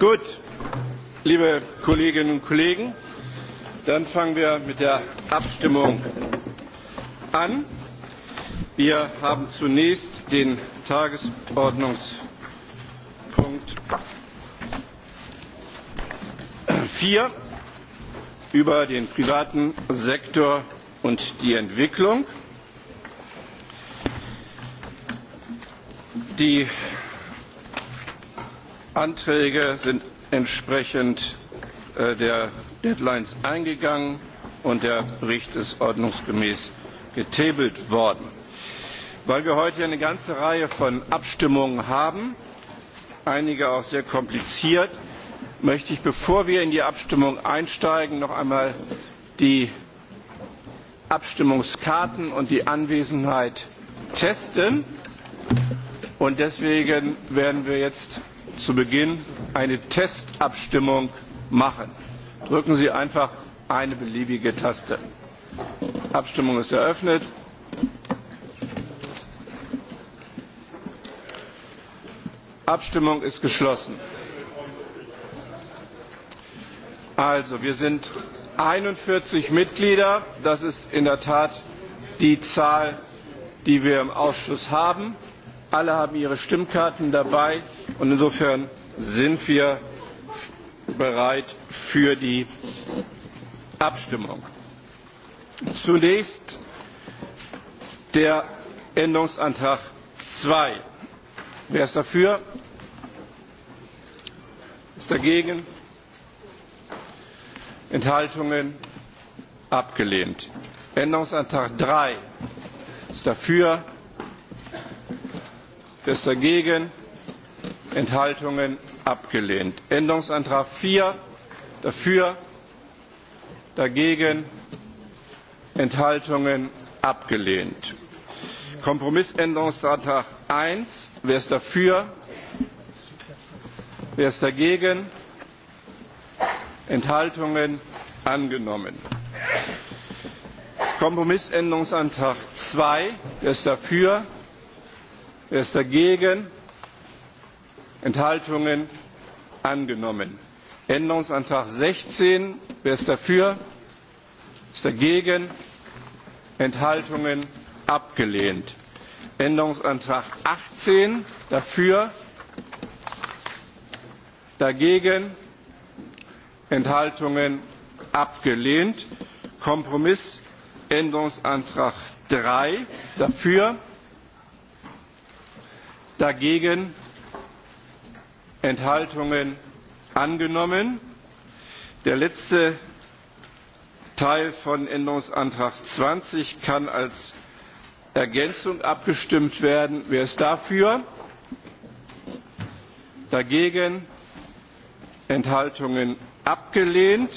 Gut, liebe Kolleginnen und Kollegen, dann fangen wir mit der Abstimmung an. Wir haben zunächst den Tagesordnungspunkt vier über den privaten Sektor und die Entwicklung. Die anträge sind entsprechend äh, der deadlines eingegangen und der bericht ist ordnungsgemäß getabelt worden. weil wir heute eine ganze reihe von abstimmungen haben einige auch sehr kompliziert möchte ich bevor wir in die abstimmung einsteigen noch einmal die abstimmungskarten und die anwesenheit testen deswegen werden wir jetzt zu Beginn eine Testabstimmung machen. Drücken Sie einfach eine beliebige Taste. Abstimmung ist eröffnet. Abstimmung ist geschlossen. Also, wir sind 41 Mitglieder. Das ist in der Tat die Zahl, die wir im Ausschuss haben alle haben ihre stimmkarten dabei und insofern sind wir bereit für die abstimmung. zunächst der änderungsantrag zwei wer ist dafür? ist dagegen? enthaltungen? abgelehnt. änderungsantrag drei ist dafür? ist dagegen? Enthaltungen abgelehnt. Änderungsantrag 4 dafür, dagegen, Enthaltungen abgelehnt. Kompromissänderungsantrag 1. Wer ist dafür? Wer ist dagegen? Enthaltungen angenommen. Kompromissänderungsantrag 2. Wer ist dafür? Wer ist dagegen? Enthaltungen angenommen. Änderungsantrag 16. Wer ist dafür? Ist dagegen? Enthaltungen abgelehnt. Änderungsantrag 18. Dafür? Dagegen? Enthaltungen abgelehnt. Kompromiss. Änderungsantrag 3. Dafür? dagegen enthaltungen angenommen. der letzte teil von änderungsantrag zwanzig kann als ergänzung abgestimmt werden. wer ist dafür? dagegen enthaltungen abgelehnt.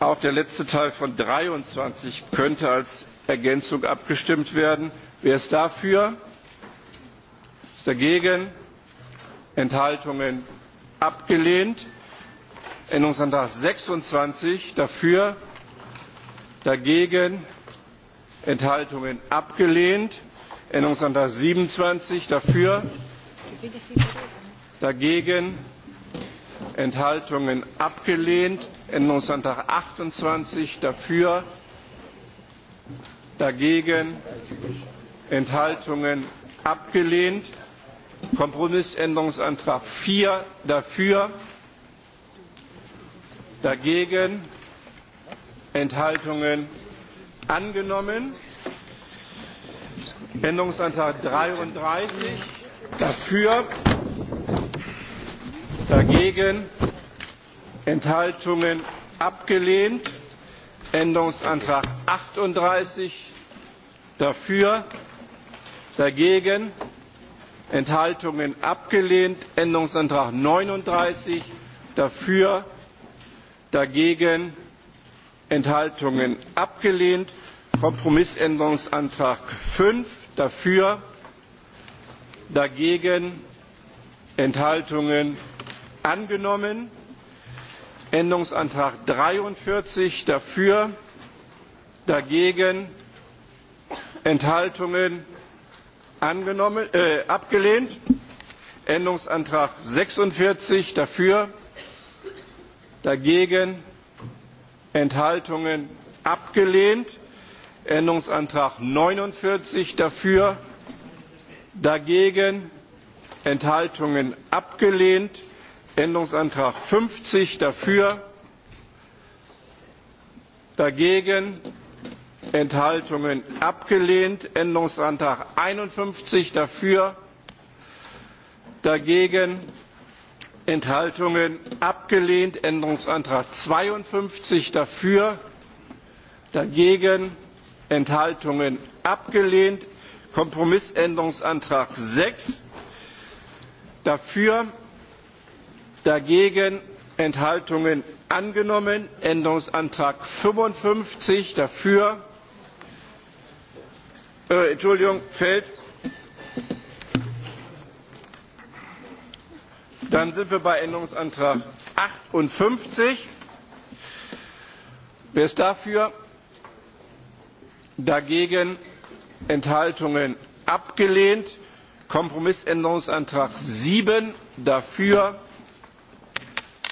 auch der letzte teil von dreiundzwanzig könnte als ergänzung abgestimmt werden. wer ist dafür? ist dagegen enthaltungen abgelehnt; änderungsantrag sechsundzwanzig dafür dagegen enthaltungen abgelehnt; änderungsantrag siebenundzwanzig dafür dagegen enthaltungen abgelehnt; änderungsantrag achtundzwanzig dafür dagegen enthaltungen abgelehnt; kompromissänderungsantrag vier dafür dagegen enthaltungen angenommen; änderungsantrag dreiunddreißig dafür dagegen enthaltungen abgelehnt; änderungsantrag achtunddreißig dafür dagegen enthaltungen abgelehnt; änderungsantrag neununddreißig dafür dagegen enthaltungen abgelehnt; kompromissänderungsantrag fünf dafür dagegen enthaltungen angenommen; änderungsantrag dreiundvierzig dafür dagegen enthaltungen Äh, abgelehnt; änderungsantrag sechsundvierzig dafür; dagegen; enthaltungen abgelehnt; änderungsantrag neunundvierzig dafür; dagegen; enthaltungen abgelehnt; änderungsantrag fünfzig dafür; dagegen; enthaltungen abgelehnt; änderungsantrag einundfünfzig dafür dagegen enthaltungen abgelehnt; änderungsantrag zweiundfünfzig dafür dagegen enthaltungen abgelehnt; kompromissänderungsantrag sechs dafür dagegen enthaltungen angenommen; änderungsantrag fünfundfünfzig dafür Äh, Entschuldigung, fällt. Dann sind wir bei Änderungsantrag achtundfünfzig Wer ist dafür? Dagegen? Enthaltungen? Abgelehnt. Kompromissänderungsantrag sieben Dafür?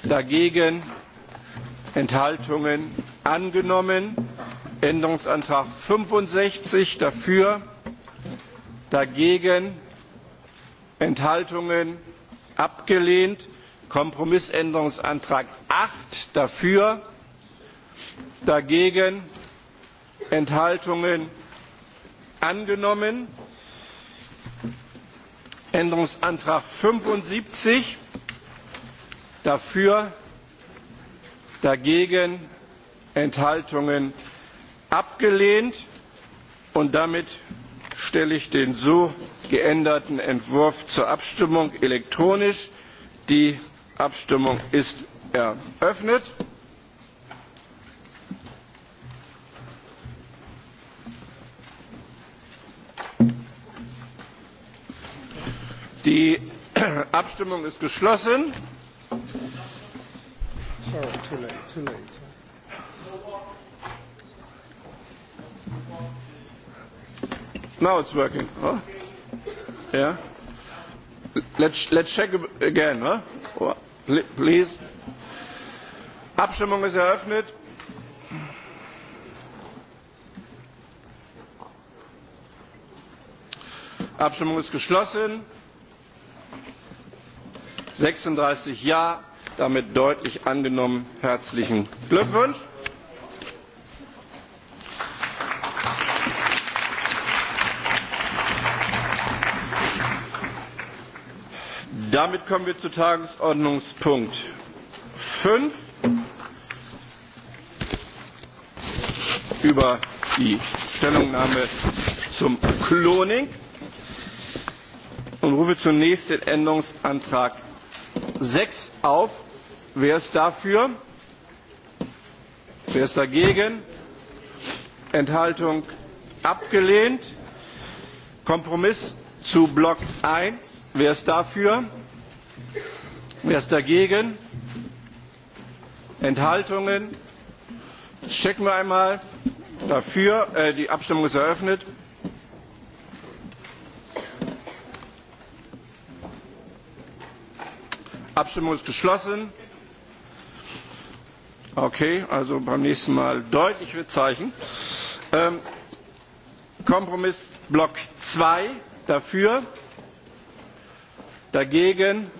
Dagegen? Enthaltungen? Angenommen änderungsantrag fünfundsechzig dafür dagegen enthaltungen abgelehnt; kompromissänderungsantrag acht dafür dagegen enthaltungen angenommen; änderungsantrag fünfundsiebzig dafür dagegen enthaltungen abgelehnt und damit stelle ich den so geänderten entwurf zur abstimmung elektronisch. die abstimmung ist eröffnet. die abstimmung ist geschlossen. Sorry, too late, too late. Now it's working. Huh? Yeah. Let's, let's check again. Huh? Please. Abstimmung ist eröffnet. Abstimmung ist geschlossen. 36 Ja, damit deutlich angenommen. Herzlichen Glückwunsch. damit kommen wir zu tagesordnungspunkt fünf über die stellungnahme zum cloning und rufe zunächst den änderungsantrag sechs auf. wer ist dafür? wer ist dagegen? enthaltung abgelehnt. kompromiss zu block eins wer ist dafür? wer ist dagegen? enthaltungen? Das checken wir einmal dafür äh, die abstimmung ist eröffnet. abstimmung ist geschlossen. okay also beim nächsten mal deutlichere zeichen. Ähm, kompromiss block zwei dafür dagegen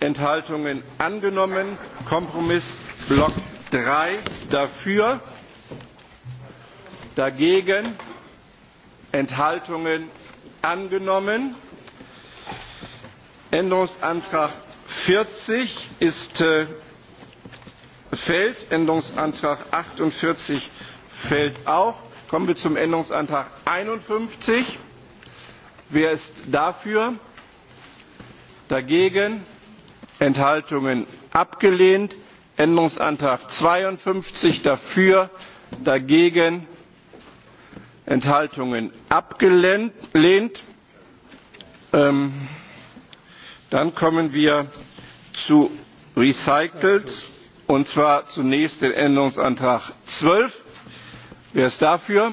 enthaltungen angenommen kompromiss block drei dafür dagegen enthaltungen angenommen. änderungsantrag vierzig ist äh, fällt änderungsantrag achtundvierzig fällt auch. kommen wir zum änderungsantrag einundfünfzig wer ist dafür? dagegen? enthaltungen abgelehnt; änderungsantrag zweiundfünfzig dafür dagegen enthaltungen abgelehnt; ähm, dann kommen wir zu recitals und zwar zunächst den änderungsantrag zwölf wer ist dafür?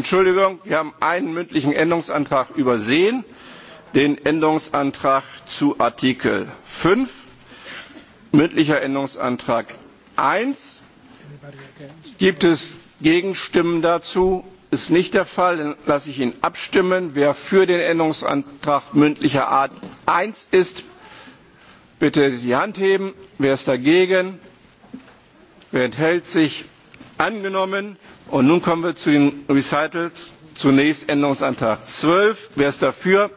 entschuldigung wir haben einen mündlichen änderungsantrag übersehen den änderungsantrag zu artikel fünf mündlicher änderungsantrag. eins gibt es gegenstimmen dazu? das ist nicht der fall. dann lasse ich ihn abstimmen. wer für den änderungsantrag mündlicher art eins ist bitte die hand heben. wer ist dagegen? wer enthält sich? angenommen. und nun kommen wir zu den erwägungsgründen zunächst änderungsantrag zwölf wer ist dafür?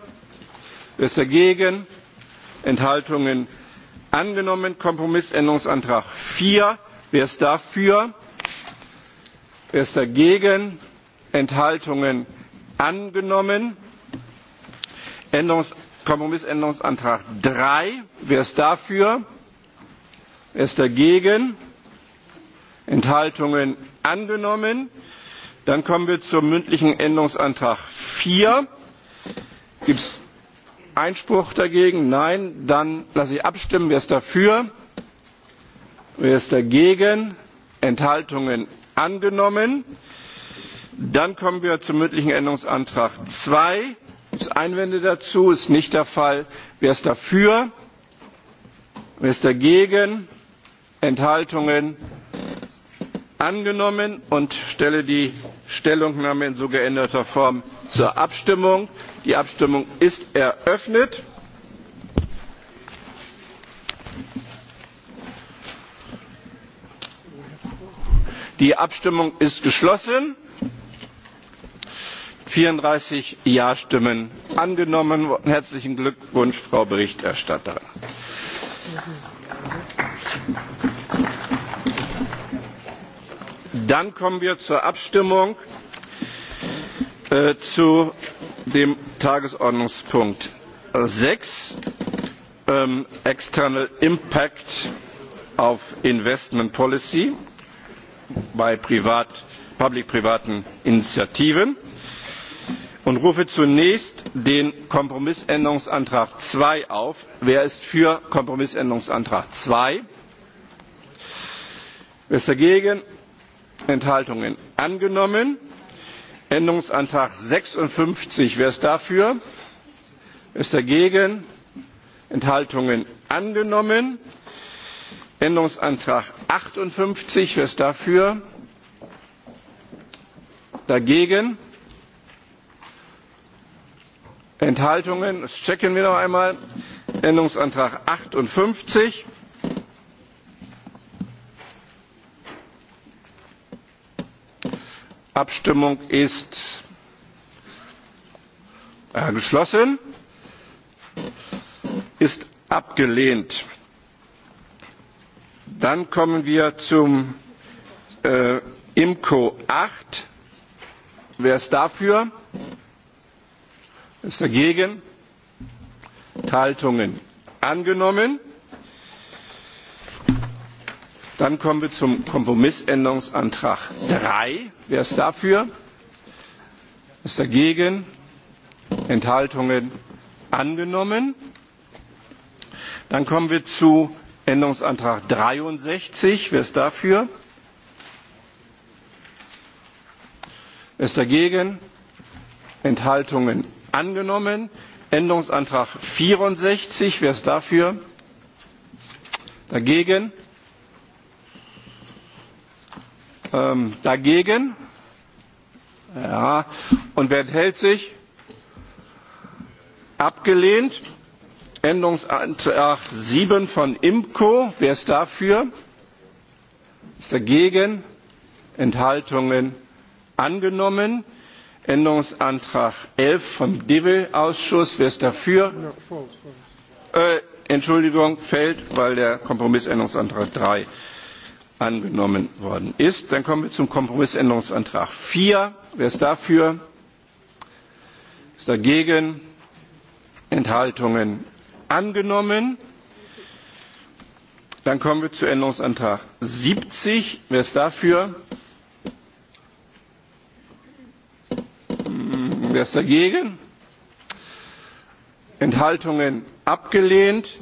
wer ist dagegen? enthaltungen? angenommen. kompromissänderungsantrag vier wer ist dafür? wer ist dagegen? enthaltungen? angenommen. kompromissänderungsantrag drei wer ist dafür? wer ist dagegen? enthaltungen angenommen. dann kommen wir zum mündlichen änderungsantrag. vier gibt es einspruch dagegen? nein dann lasse ich abstimmen. wer ist dafür? wer ist dagegen? enthaltungen angenommen. dann kommen wir zum mündlichen änderungsantrag. zwei gibt es einwände dazu? ist nicht der fall. wer ist dafür? wer ist dagegen? enthaltungen? angenommen und stelle die stellungnahme in so geänderter form zur abstimmung. die abstimmung ist eröffnet. die abstimmung ist geschlossen. vierunddreißig ja stimmen angenommen. herzlichen glückwunsch frau berichterstatterin! dann kommen wir zur abstimmung äh, zu dem tagesordnungspunkt sechs ähm, external impact auf investment policy bei public privaten initiativen und rufe zunächst den kompromissänderungsantrag zwei auf. wer ist für kompromissänderungsantrag zwei? wer ist dagegen? enthaltungen angenommen; änderungsantrag sechsundfünfzig wer ist dafür? wer ist dagegen? enthaltungen angenommen; änderungsantrag achtundfünfzig wer ist dafür? dagegen? enthaltungen das checken wir noch einmal änderungsantrag achtundfünfzig abstimmung ist äh, geschlossen ist abgelehnt. dann kommen wir zum äh, imco acht wer ist dafür? wer ist dagegen? enthaltungen angenommen. Dann kommen wir zum Kompromissänderungsantrag drei Wer ist dafür? wer Ist dagegen? Enthaltungen angenommen. Dann kommen wir zu Änderungsantrag dreiundsechzig Wer ist dafür? Wer ist dagegen? Enthaltungen angenommen. Änderungsantrag vierundsechzig Wer ist dafür? Dagegen? Ähm, dagegen? Ja. Und wer enthält sich? Abgelehnt. Änderungsantrag 7 von IMCO. Wer ist dafür? Ist dagegen? Enthaltungen angenommen. Änderungsantrag 11 vom DIVE-Ausschuss. Wer ist dafür? Äh, Entschuldigung, fällt, weil der Kompromissänderungsantrag 3 angenommen worden ist. Dann kommen wir zum Kompromissänderungsantrag 4. Wer ist dafür? Ist dagegen? Enthaltungen angenommen. Dann kommen wir zu Änderungsantrag 70. Wer ist dafür? Hm, wer ist dagegen? Enthaltungen abgelehnt.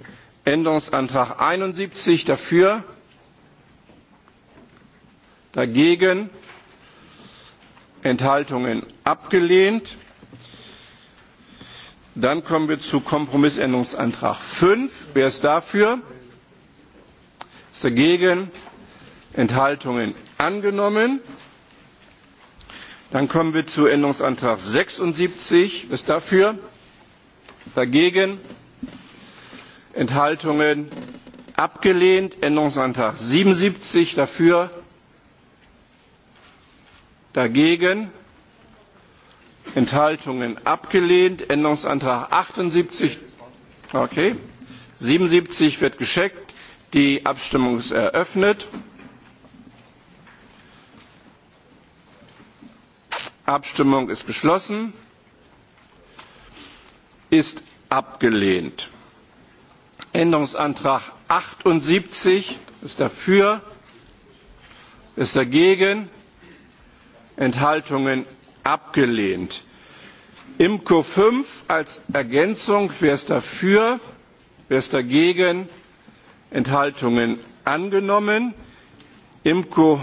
Änderungsantrag 71 dafür dagegen enthaltungen abgelehnt. dann kommen wir zu kompromissänderungsantrag fünf wer ist dafür? ist dagegen enthaltungen angenommen. dann kommen wir zu änderungsantrag sechsundsiebzig wer ist dafür? dagegen enthaltungen abgelehnt. änderungsantrag siebenundsiebzig dafür dagegen enthaltungen abgelehnt änderungsantrag achtundsiebzig okay siebenundsiebzig wird gescheckt die abstimmung ist eröffnet abstimmung ist geschlossen ist abgelehnt änderungsantrag achtundsiebzig ist dafür ist dagegen enthaltungen abgelehnt. imco fünf als ergänzung wer ist dafür wer ist dagegen enthaltungen angenommen. imco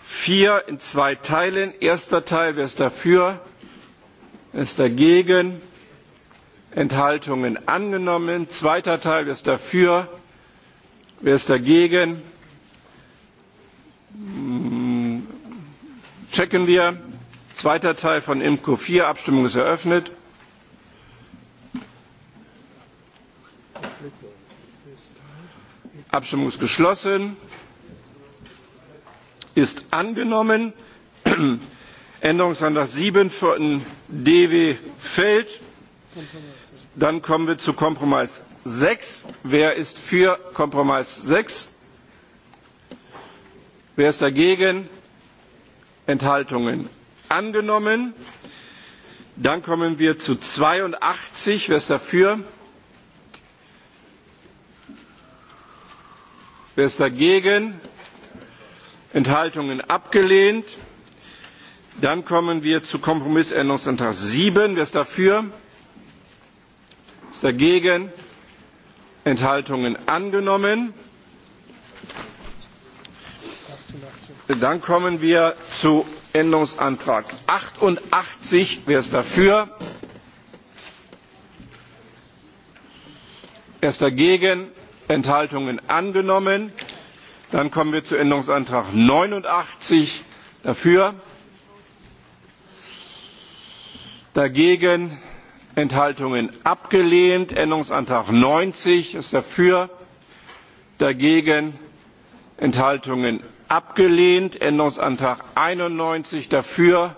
vier in zwei teilen erster teil wer ist dafür wer ist dagegen enthaltungen angenommen zweiter teil wer ist dafür wer ist dagegen? checken wir zweiter teil von imco vier abstimmung ist eröffnet abstimmung ist geschlossen ist angenommen änderungsantrag sieben von dw fällt dann kommen wir zu kompromiss sechs wer ist für kompromiss sechs wer ist dagegen? enthaltungen angenommen. dann kommen wir zu 82. wer ist dafür? wer ist dagegen? enthaltungen abgelehnt. dann kommen wir zu kompromissänderungsantrag 7. wer ist dafür? wer ist dagegen? enthaltungen angenommen. Dann kommen wir zu Änderungsantrag achtundachtzig Wer ist dafür? Wer ist dagegen? Enthaltungen angenommen. Dann kommen wir zu Änderungsantrag neunundachtzig Dafür? Dagegen? Enthaltungen abgelehnt. Änderungsantrag neunzig wer ist dafür. Dagegen? Enthaltungen abgelehnt; änderungsantrag einundneunzig dafür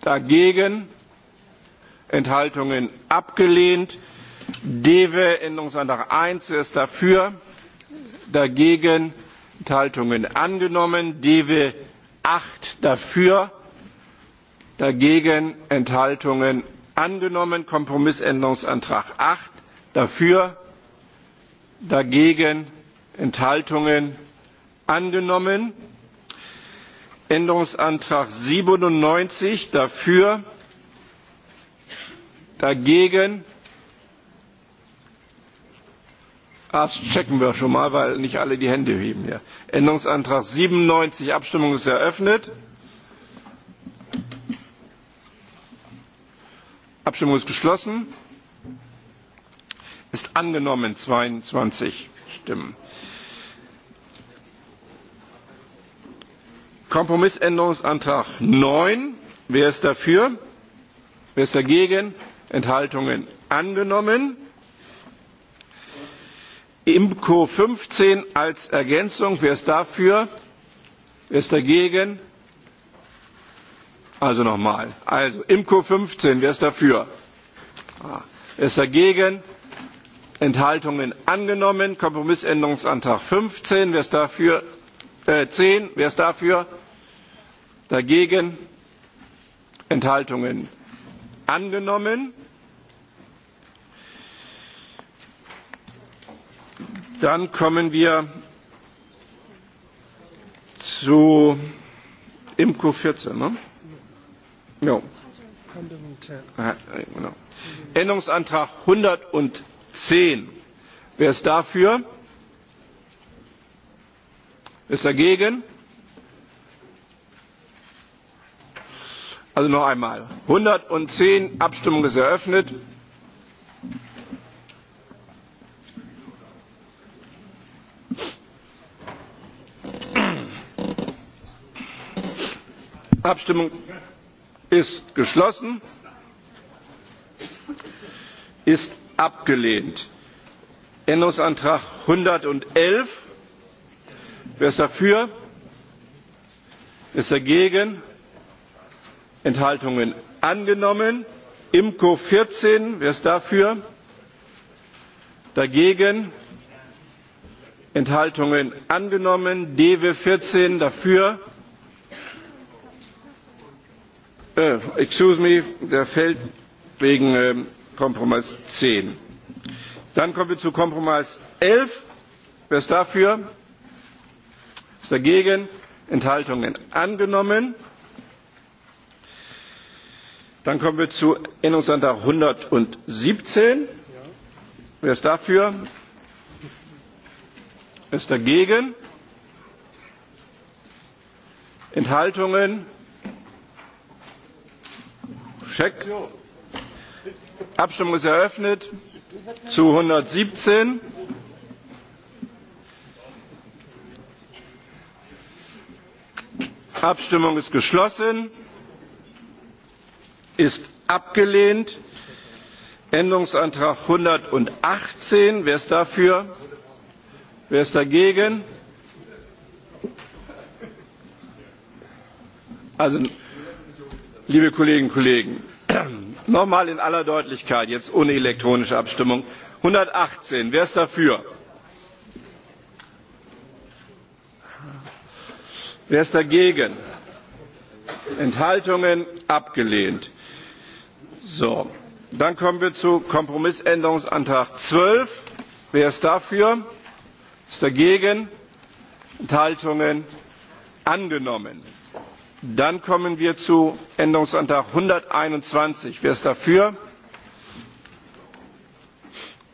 dagegen enthaltungen abgelehnt; deve änderungsantrag eins wer ist dafür? dagegen enthaltungen angenommen; deve acht dafür dagegen enthaltungen angenommen; kompromissänderungsantrag acht dafür dagegen enthaltungen angenommen; änderungsantrag siebenundneunzig dafür dagegen ah, das checken wir schon mal weil nicht alle die hände heben hier änderungsantrag siebenundneunzig abstimmung ist eröffnet abstimmung ist geschlossen ist angenommen zweiundzwanzig stimmen. kompromissänderungsantrag neun wer ist dafür? wer ist dagegen? enthaltungen angenommen. imco fünfzehn als ergänzung wer ist dafür? wer ist dagegen? also nochmal also imco fünfzehn wer ist dafür? Ah. wer ist dagegen? enthaltungen angenommen. kompromissänderungsantrag fünfzehn wer ist dafür? Äh, zehn äh, wer ist dafür? dagegen enthaltungen angenommen. dann kommen wir zu imco 14 ne? no. änderungsantrag 110. wer ist dafür? wer ist dagegen? also noch einmal 110 abstimmung ist eröffnet. abstimmung ist geschlossen ist abgelehnt. änderungsantrag 111. wer ist dafür? wer ist dagegen? enthaltungen angenommen. imco vierzehn wer ist dafür? dagegen? enthaltungen angenommen. dewe vierzehn dafür? Äh, excuse me der fällt wegen ähm, kompromiss. zehn dann kommen wir zu kompromiss. elf wer ist dafür? ist dagegen? enthaltungen angenommen. Dann kommen wir zu Änderungsantrag 117. Wer ist dafür? Wer ist dagegen? Enthaltungen? Check. Abstimmung ist eröffnet zu 117. Abstimmung ist geschlossen ist abgelehnt. Änderungsantrag 118. Wer ist dafür? Wer ist dagegen? Also, liebe Kolleginnen und Kollegen, nochmal in aller Deutlichkeit, jetzt ohne elektronische Abstimmung. 118. Wer ist dafür? Wer ist dagegen? Enthaltungen abgelehnt dann kommen wir zu Kompromissänderungsantrag zwölf Wer ist dafür? wer Ist dagegen? Enthaltungen? Angenommen. Dann kommen wir zu Änderungsantrag einhunderteinundzwanzig Wer ist dafür?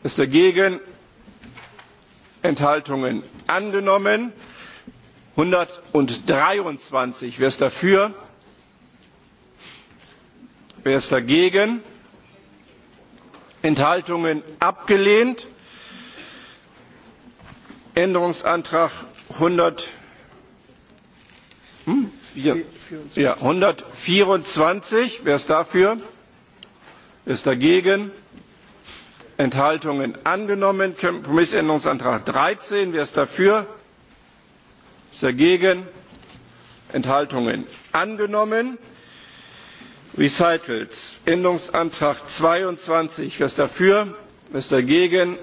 wer Ist dagegen? Enthaltungen? Angenommen. einhundertdreiundzwanzig Wer ist dafür? wer ist dagegen? enthaltungen abgelehnt; änderungsantrag einhundertvierundzwanzig hm? wer ist dafür? wer ist dagegen? enthaltungen angenommen; kompromissänderungsantrag dreizehn wer ist dafür? wer ist dagegen? enthaltungen angenommen; recitals änderungsantrag zweiundzwanzig wer ist dafür? wer ist dagegen?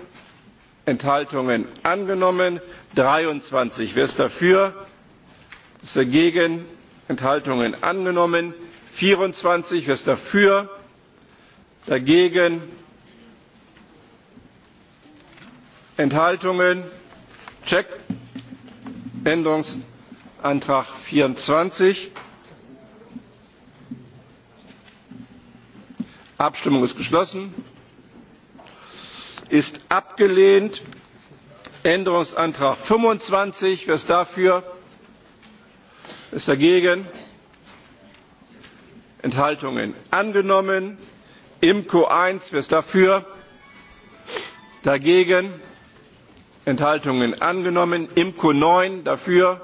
enthaltungen angenommen. dreiundzwanzig wer ist dafür? wer ist dagegen? enthaltungen angenommen. vierundzwanzig wer ist dafür? dagegen? enthaltungen? check. änderungsantrag vierundzwanzig abstimmung ist geschlossen ist abgelehnt; änderungsantrag fünfundzwanzig wer ist dafür? wer ist dagegen? enthaltungen angenommen; imco eins wer ist dafür? dagegen? enthaltungen angenommen; imco neun dafür?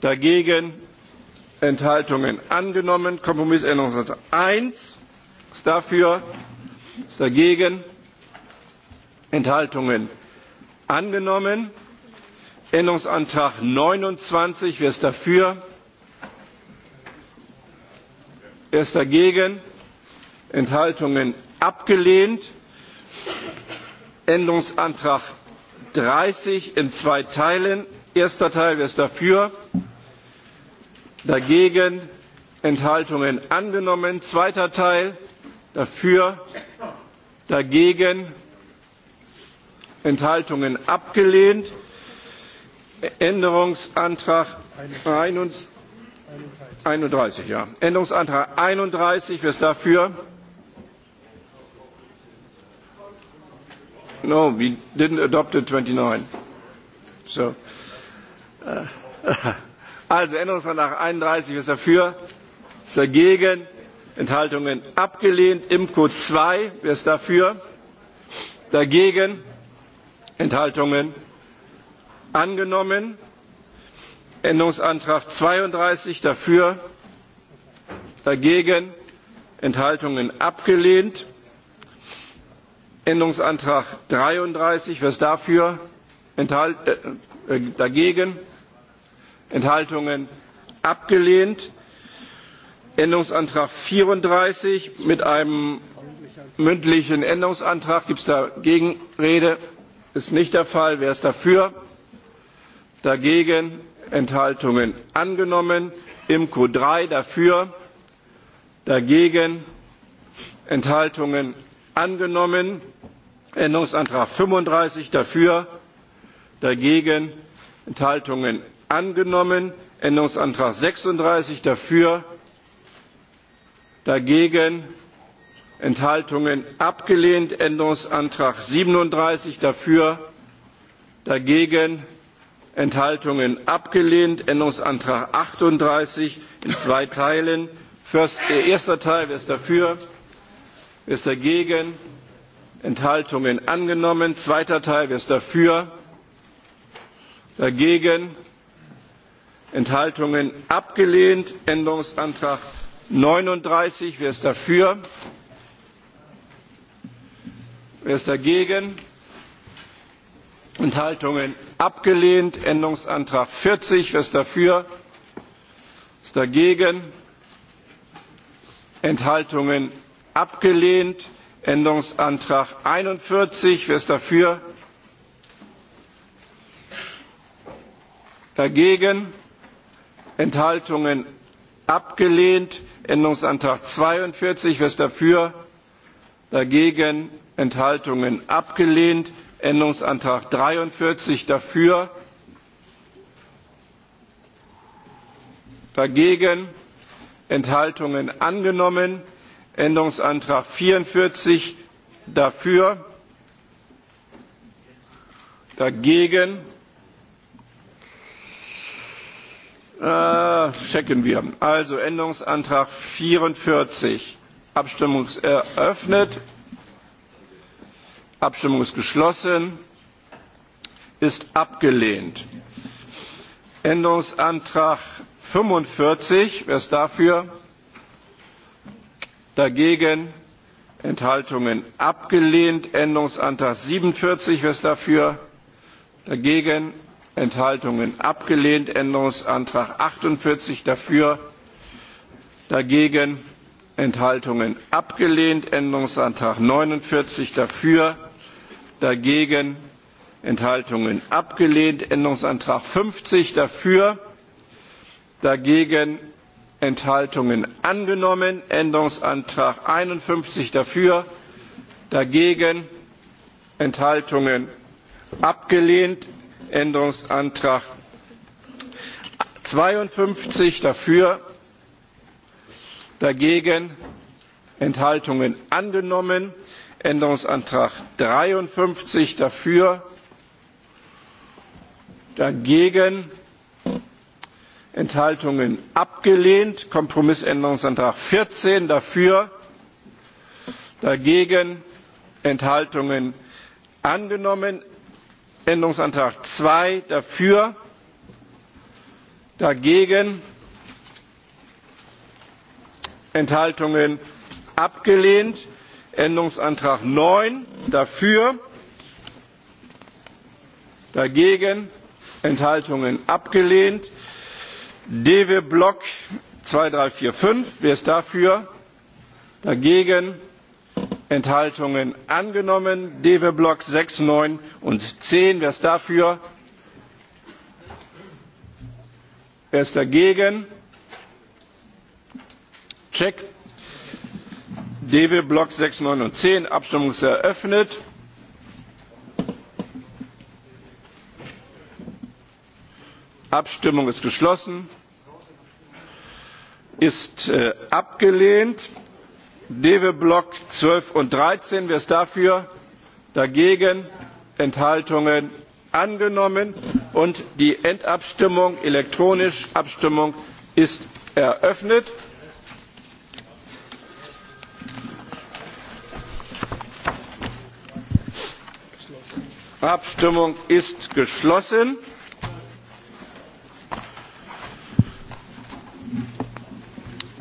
dagegen? enthaltungen angenommen; kompromissänderungsantrag eins ist dafür ist dagegen enthaltungen angenommen änderungsantrag 29. wer ist dafür wer ist dagegen enthaltungen abgelehnt änderungsantrag dreißig in zwei teilen erster teil wer ist dafür dagegen enthaltungen angenommen zweiter teil dafür dagegen enthaltungen abgelehnt; änderungsantrag einunddreißig ja. Änderungsantrag wer ist dafür? no we didn't adopt it 29. so äh, also änderungsantrag einunddreißig wer ist dafür? ist dagegen enthaltungen abgelehnt imco zwei wer ist dafür dagegen enthaltungen angenommen änderungsantrag zweiunddreißig dafür dagegen enthaltungen abgelehnt änderungsantrag dreiunddreißig wer ist dafür äh, äh, dagegen enthaltungen abgelehnt änderungsantrag vierunddreißig mit einem mündlichen änderungsantrag. gibt es da gegenrede? das ist nicht der fall. wer ist dafür? dagegen? enthaltungen? angenommen. imco drei dafür? dagegen? enthaltungen? angenommen. änderungsantrag fünfunddreißig dafür? dagegen? enthaltungen? angenommen. änderungsantrag sechsunddreißig dafür? dagegen enthaltungen abgelehnt; änderungsantrag siebenunddreißig dafür dagegen enthaltungen abgelehnt; änderungsantrag achtunddreißig in zwei teilen äh, erster teil wer ist dafür wer ist dagegen enthaltungen angenommen; zweiter teil wer ist dafür dagegen enthaltungen abgelehnt; änderungsantrag neununddreißig wer ist dafür? wer ist dagegen? enthaltungen abgelehnt; änderungsantrag vierzig wer ist dafür? wer ist dagegen? enthaltungen abgelehnt; änderungsantrag einundvierzig wer ist dafür? dagegen? enthaltungen abgelehnt; änderungsantrag zweiundvierzig wer ist dafür? dagegen enthaltungen abgelehnt; änderungsantrag dreiundvierzig dafür dagegen enthaltungen angenommen; änderungsantrag vierundvierzig dafür dagegen Äh, checken wir. Also Änderungsantrag 44. Abstimmung ist eröffnet. Abstimmung ist geschlossen. Ist abgelehnt. Änderungsantrag 45. Wer ist dafür? Dagegen? Enthaltungen abgelehnt. Änderungsantrag 47. Wer ist dafür? Dagegen? enthaltungen abgelehnt; änderungsantrag achtundvierzig dafür dagegen enthaltungen abgelehnt; änderungsantrag neunundvierzig dafür dagegen enthaltungen abgelehnt; änderungsantrag fünfzig dafür dagegen enthaltungen angenommen; änderungsantrag einundfünfzig dafür dagegen enthaltungen abgelehnt; änderungsantrag zweiundfünfzig dafür dagegen enthaltungen angenommen; änderungsantrag dreiundfünfzig dafür dagegen enthaltungen abgelehnt; kompromissänderungsantrag vierzehn dafür dagegen enthaltungen angenommen; änderungsantrag zwei dafür dagegen enthaltungen abgelehnt; änderungsantrag neun dafür dagegen enthaltungen abgelehnt; deve block zwei drei vier fünf wer ist dafür? dagegen enthaltungen angenommen dewe block sechs neun und zehn wer ist dafür? wer ist dagegen? check dewe block sechs neun und zehn abstimmung ist eröffnet. abstimmung ist geschlossen ist äh, abgelehnt. DEWE Block zwölf und dreizehn Wer ist dafür? Dagegen? Enthaltungen? Angenommen. Und die Endabstimmung, elektronische Abstimmung, ist eröffnet. Abstimmung ist geschlossen.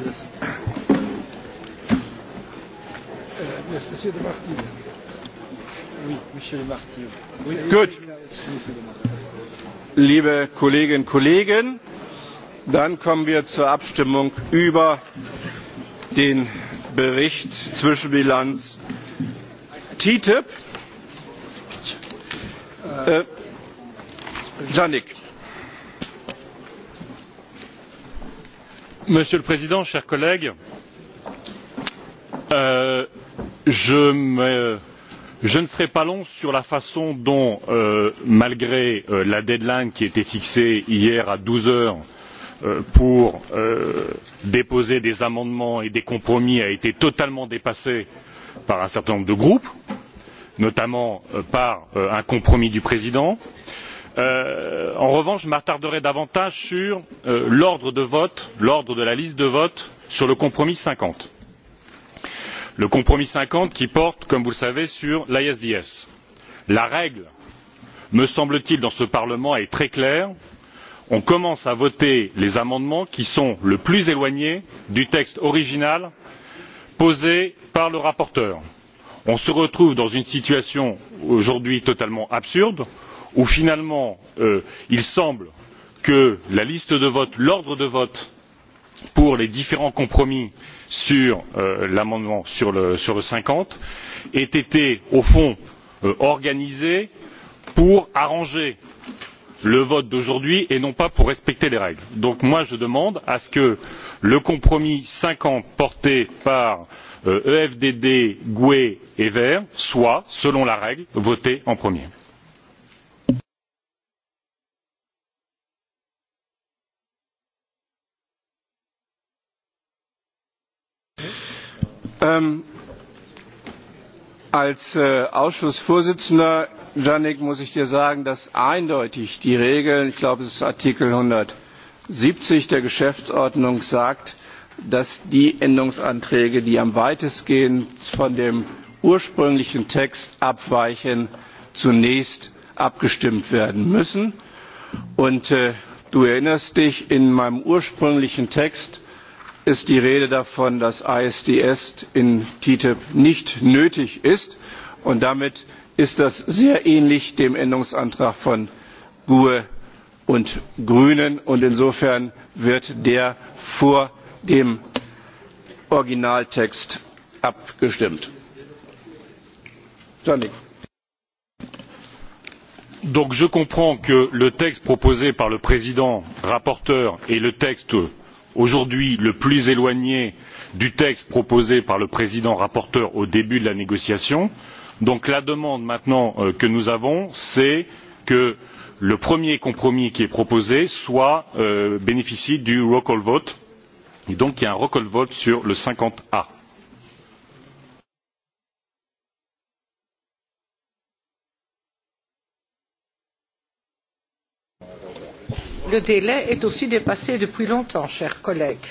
do euh, Monsieur de Martin. Oui, Monsieur de Martin. Gut. Liebe Kolleginnen und Kollegen, dann kommen wir zur Abstimmung über den Bericht Zwischenbilanz TTIP. Äh, euh, euh, Janik. monsieur le président chers collègues euh, je, ne serai pas long sur la façon dont euh, malgré euh, la deadline qui était fixée hier à douze heures pour déposer des amendements et des compromis a été totalement dépassée par un certain nombre de groupes notamment par un compromis du président et Euh, en revanche je m'attarderai davantage sur euh, l'ordre de vote l'ordre de la liste de vote sur le compromis cinquante le compromis cinquante qui porte comme vous le savez sur l'isds. la règle me semble t il dans ce parlement est très claire on commence à voter les amendements qui sont le plus éloignés du texte original posé par le rapporteur. on se retrouve dans une situation aujourd'hui totalement absurde où où finalement euh, il semble que la liste de vote l'ordre de vote pour les différents compromis sur euh, l'amendement sur le cinquante ait été au fond euh, organisé pour arranger le vote d'aujourd'hui et non pas pour respecter les règles. donc moi je demande à ce que le compromis cinquante porté par efdd gue et verts soit selon la règle voté en premier. Ähm, als äh, ausschussvorsitzender jannik muss ich dir sagen dass eindeutig die regeln ich glaube es ist artikel einhundertsiebzig der geschäftsordnung sagen dass die änderungsanträge die am weitestgehend von dem ursprünglichen text abweichen zunächst abgestimmt werden müssen. Äh, du erinnerst dich in meinem ursprünglichen text ist die Rede davon, dass ISDS in TTIP nicht nötig ist. Und damit ist das sehr ähnlich dem Änderungsantrag von GUE und Grünen. Und insofern wird der vor dem Originaltext abgestimmt. Janik. Donc je comprends que le texte proposé par le président rapporteur et le texte aujourd'hui le plus éloigné du texte proposé par le président rapporteur au début de la négociation. donc la demande maintenant euh, que nous avons c'est que le premier compromis qui est proposé soit, euh, bénéficie du roll call vote et donc qu'il y ait un roll call vote sur le cinquante a de délai est aussi dépassé depuis longtemps chers collègues.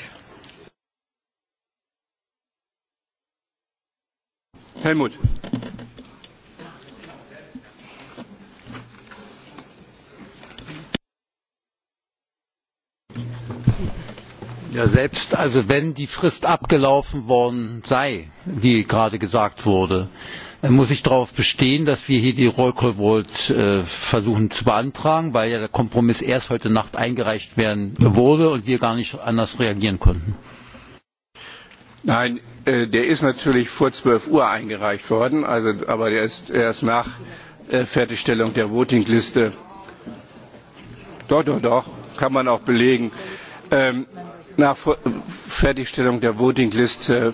Helmut. Ja, selbst also wenn die frist abgelaufen worden sei wie gerade gesagt wurde Äh, muss ich darauf bestehen dass wir hier die roll call vote versuchen zu beantragen weil ja der kompromiss erst heute nacht eingereicht werden wurde und wir gar nicht anders reagieren konnten? nein äh, der ist natürlich vor zwölf uhr eingereicht worden also, aber der ist erst nach äh, fertigstellung der votingliste doch doch doch kann man auch belegen ähm, nach fertigstellung der votingliste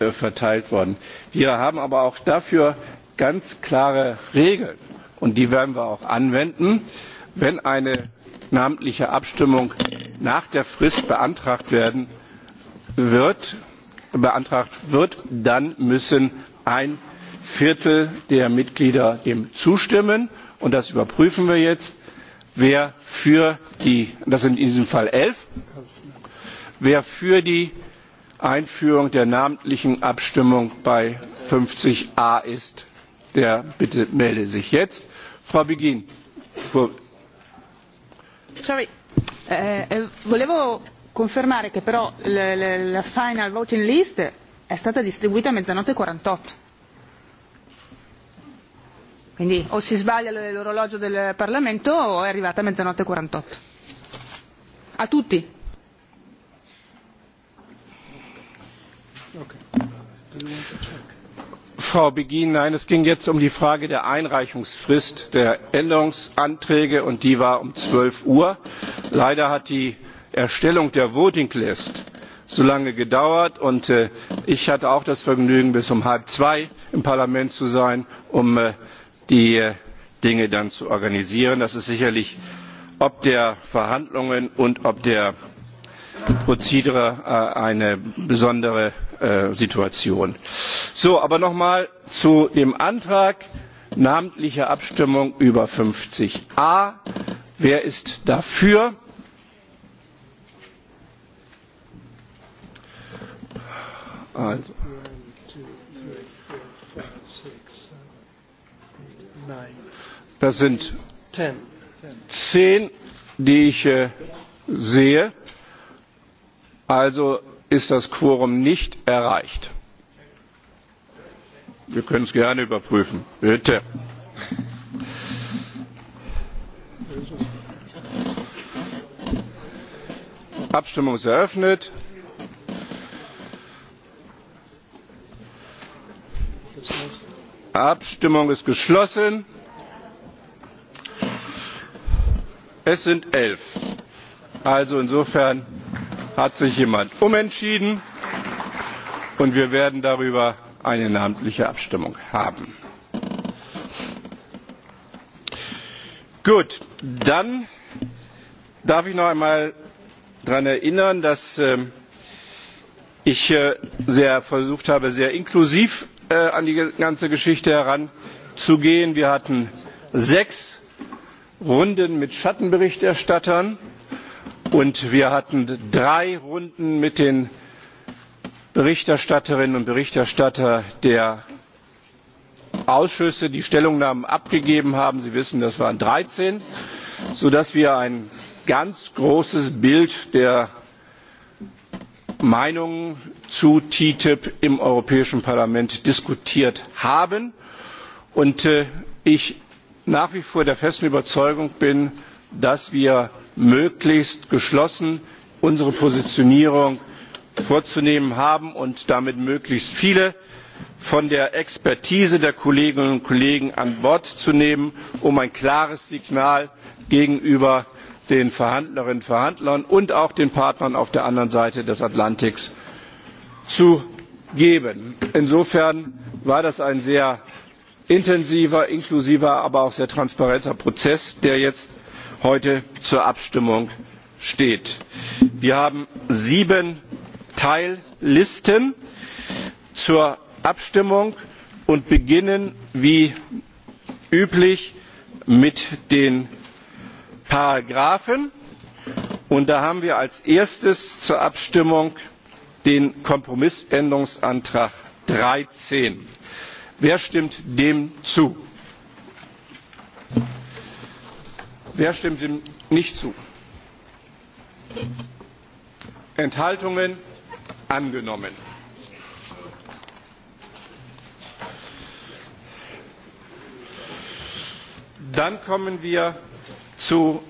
Äh, verteilt worden. wir haben aber auch dafür ganz klare regeln und die werden wir auch anwenden wenn eine namentliche abstimmung nach der frist beantragt wird, dann müssen ein viertel der mitglieder dem zustimmen und das überprüfen wir jetzt wer für die das sind in diesem fall elf wer für die einführung der namentlichen abstimmung bei fünfzig a ist. der bitte melde sich jetzt. frau beghin eh, eh, volevo confermare che però la final voting list è stata distribuita a mezzanotte e quarantotto quindi o si sbaglia l'orologio del parlamento o è arrivata a mezzanotte e quarantotto a tutti. frau beghin nein es ging jetzt um die frage der einreichungsfrist der änderungsanträge und die war um. zwölf uhr leider hat die erstellung der voting list so lange gedauert und äh, ich hatte auch das vergnügen bis um halb zwei im parlament zu sein um äh, die äh, dinge dann zu organisieren. das ist sicherlich ob der verhandlungen und ob der prozedere äh, eine besondere Äh, situation. aber noch einmal zu dem antrag namentliche abstimmung über fünfzig a wer ist dafür? Also. Das sind zehn, die ich äh, sehe. Also ist das quorum nicht erreicht. wir können es gerne überprüfen. bitte! abstimmung ist eröffnet. abstimmung ist geschlossen. es sind elf also insofern hat sich jemand umentschieden und wir werden darüber eine namentliche abstimmung haben. gut dann darf ich noch einmal daran erinnern dass ähm, ich äh, sehr versucht habe sehr inklusiv äh, an die ganze geschichte heranzugehen. wir hatten sechs runden mit schattenberichterstattern und wir hatten drei runden mit den berichterstatterinnen und berichterstattern der ausschüsse die stellungnahmen abgegeben haben sie wissen das waren dreizehn sodass wir ein ganz großes bild der meinungen zu ttip im europäischen parlament diskutiert haben und äh, ich nach wie vor der festen überzeugung bin dass wir möglichst geschlossen unsere positionierung vorzunehmen haben und damit möglichst viele von der expertise der kolleginnen und kollegen an bord zu nehmen um ein klares signal gegenüber den verhandlerinnen und verhandlern und auch den partnern auf der anderen seite des atlantiks zu geben. insofern war das ein sehr intensiver inklusiver aber auch sehr transparenter prozess der jetzt heute zur abstimmung steht. wir haben sieben teillisten zur abstimmung und beginnen wie üblich mit den paragraphen und da haben wir als erstes zur abstimmung den kompromissänderungsantrag. dreizehn wer stimmt dem zu? wer stimmt dem nicht zu? enthaltungen? angenommen. dann kommen wir zu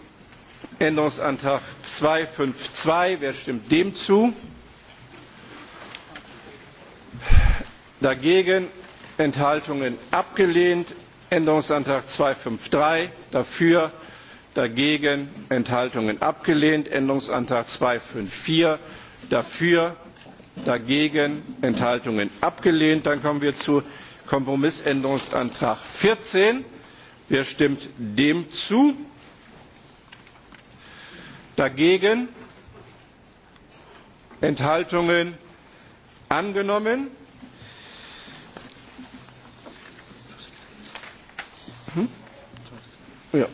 änderungsantrag zweihundertzweiundfünfzig wer stimmt dem zu? dagegen enthaltungen abgelehnt; änderungsantrag zweihundertdreiundfünfzig dafür dagegen enthaltungen abgelehnt; änderungsantrag zweihundertvierundfünfzig dafür dagegen enthaltungen abgelehnt. dann kommen wir zu kompromissänderungsantrag vierzehn wer stimmt dem zu? dagegen enthaltungen angenommen.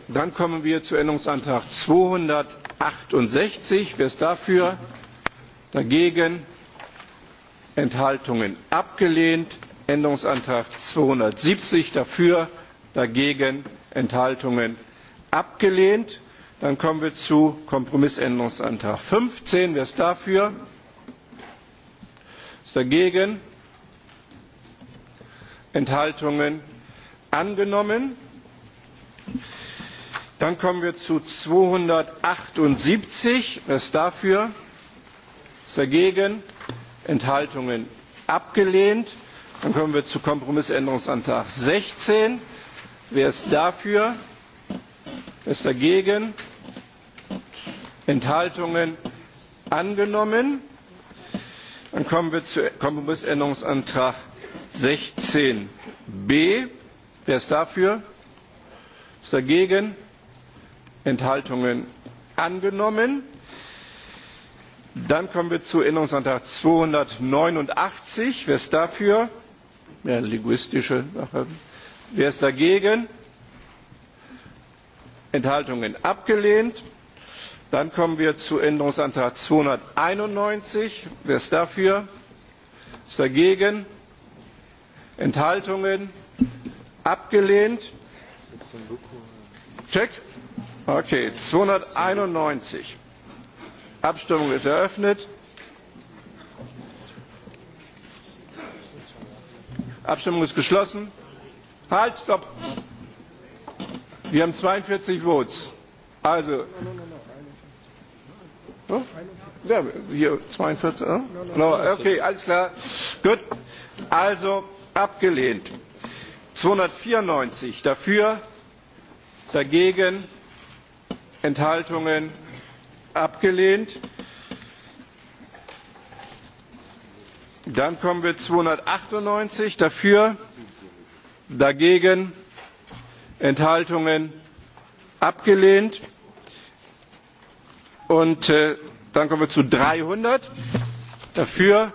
dann kommen wir zu Änderungsantrag 268. Wer ist dafür? Dagegen? Enthaltungen abgelehnt. Änderungsantrag 270 dafür, dagegen Enthaltungen abgelehnt. Dann kommen wir zu Kompromissänderungsantrag 15. Wer ist dafür? Ist dagegen? Enthaltungen angenommen. Dann kommen wir zu zweihundertachtundsiebzig Wer ist dafür? Ist dagegen? Enthaltungen abgelehnt. Dann kommen wir zu Kompromissänderungsantrag sechzehn Wer ist dafür? Wer ist dagegen? Enthaltungen angenommen. Dann kommen wir zu Kompromissänderungsantrag 16b. Wer ist dafür? Ist dagegen? enthaltungen angenommen. dann kommen wir zu änderungsantrag 289. wer ist dafür? mehr linguistische sache. wer ist dagegen? enthaltungen abgelehnt. dann kommen wir zu änderungsantrag 291. wer ist dafür? ist dagegen? enthaltungen abgelehnt. check. Okay, 291. Abstimmung ist eröffnet. Abstimmung ist geschlossen. Halt, stopp! Wir haben 42 Votes. Also. Oh? Ja, 42. Oh? No, okay, alles klar. Gut. Also abgelehnt. 294 dafür, dagegen enthaltungen abgelehnt. dann kommen wir zu zweihundertachtundneunzig dafür dagegen enthaltungen abgelehnt. und äh, dann kommen wir zu dreihundert dafür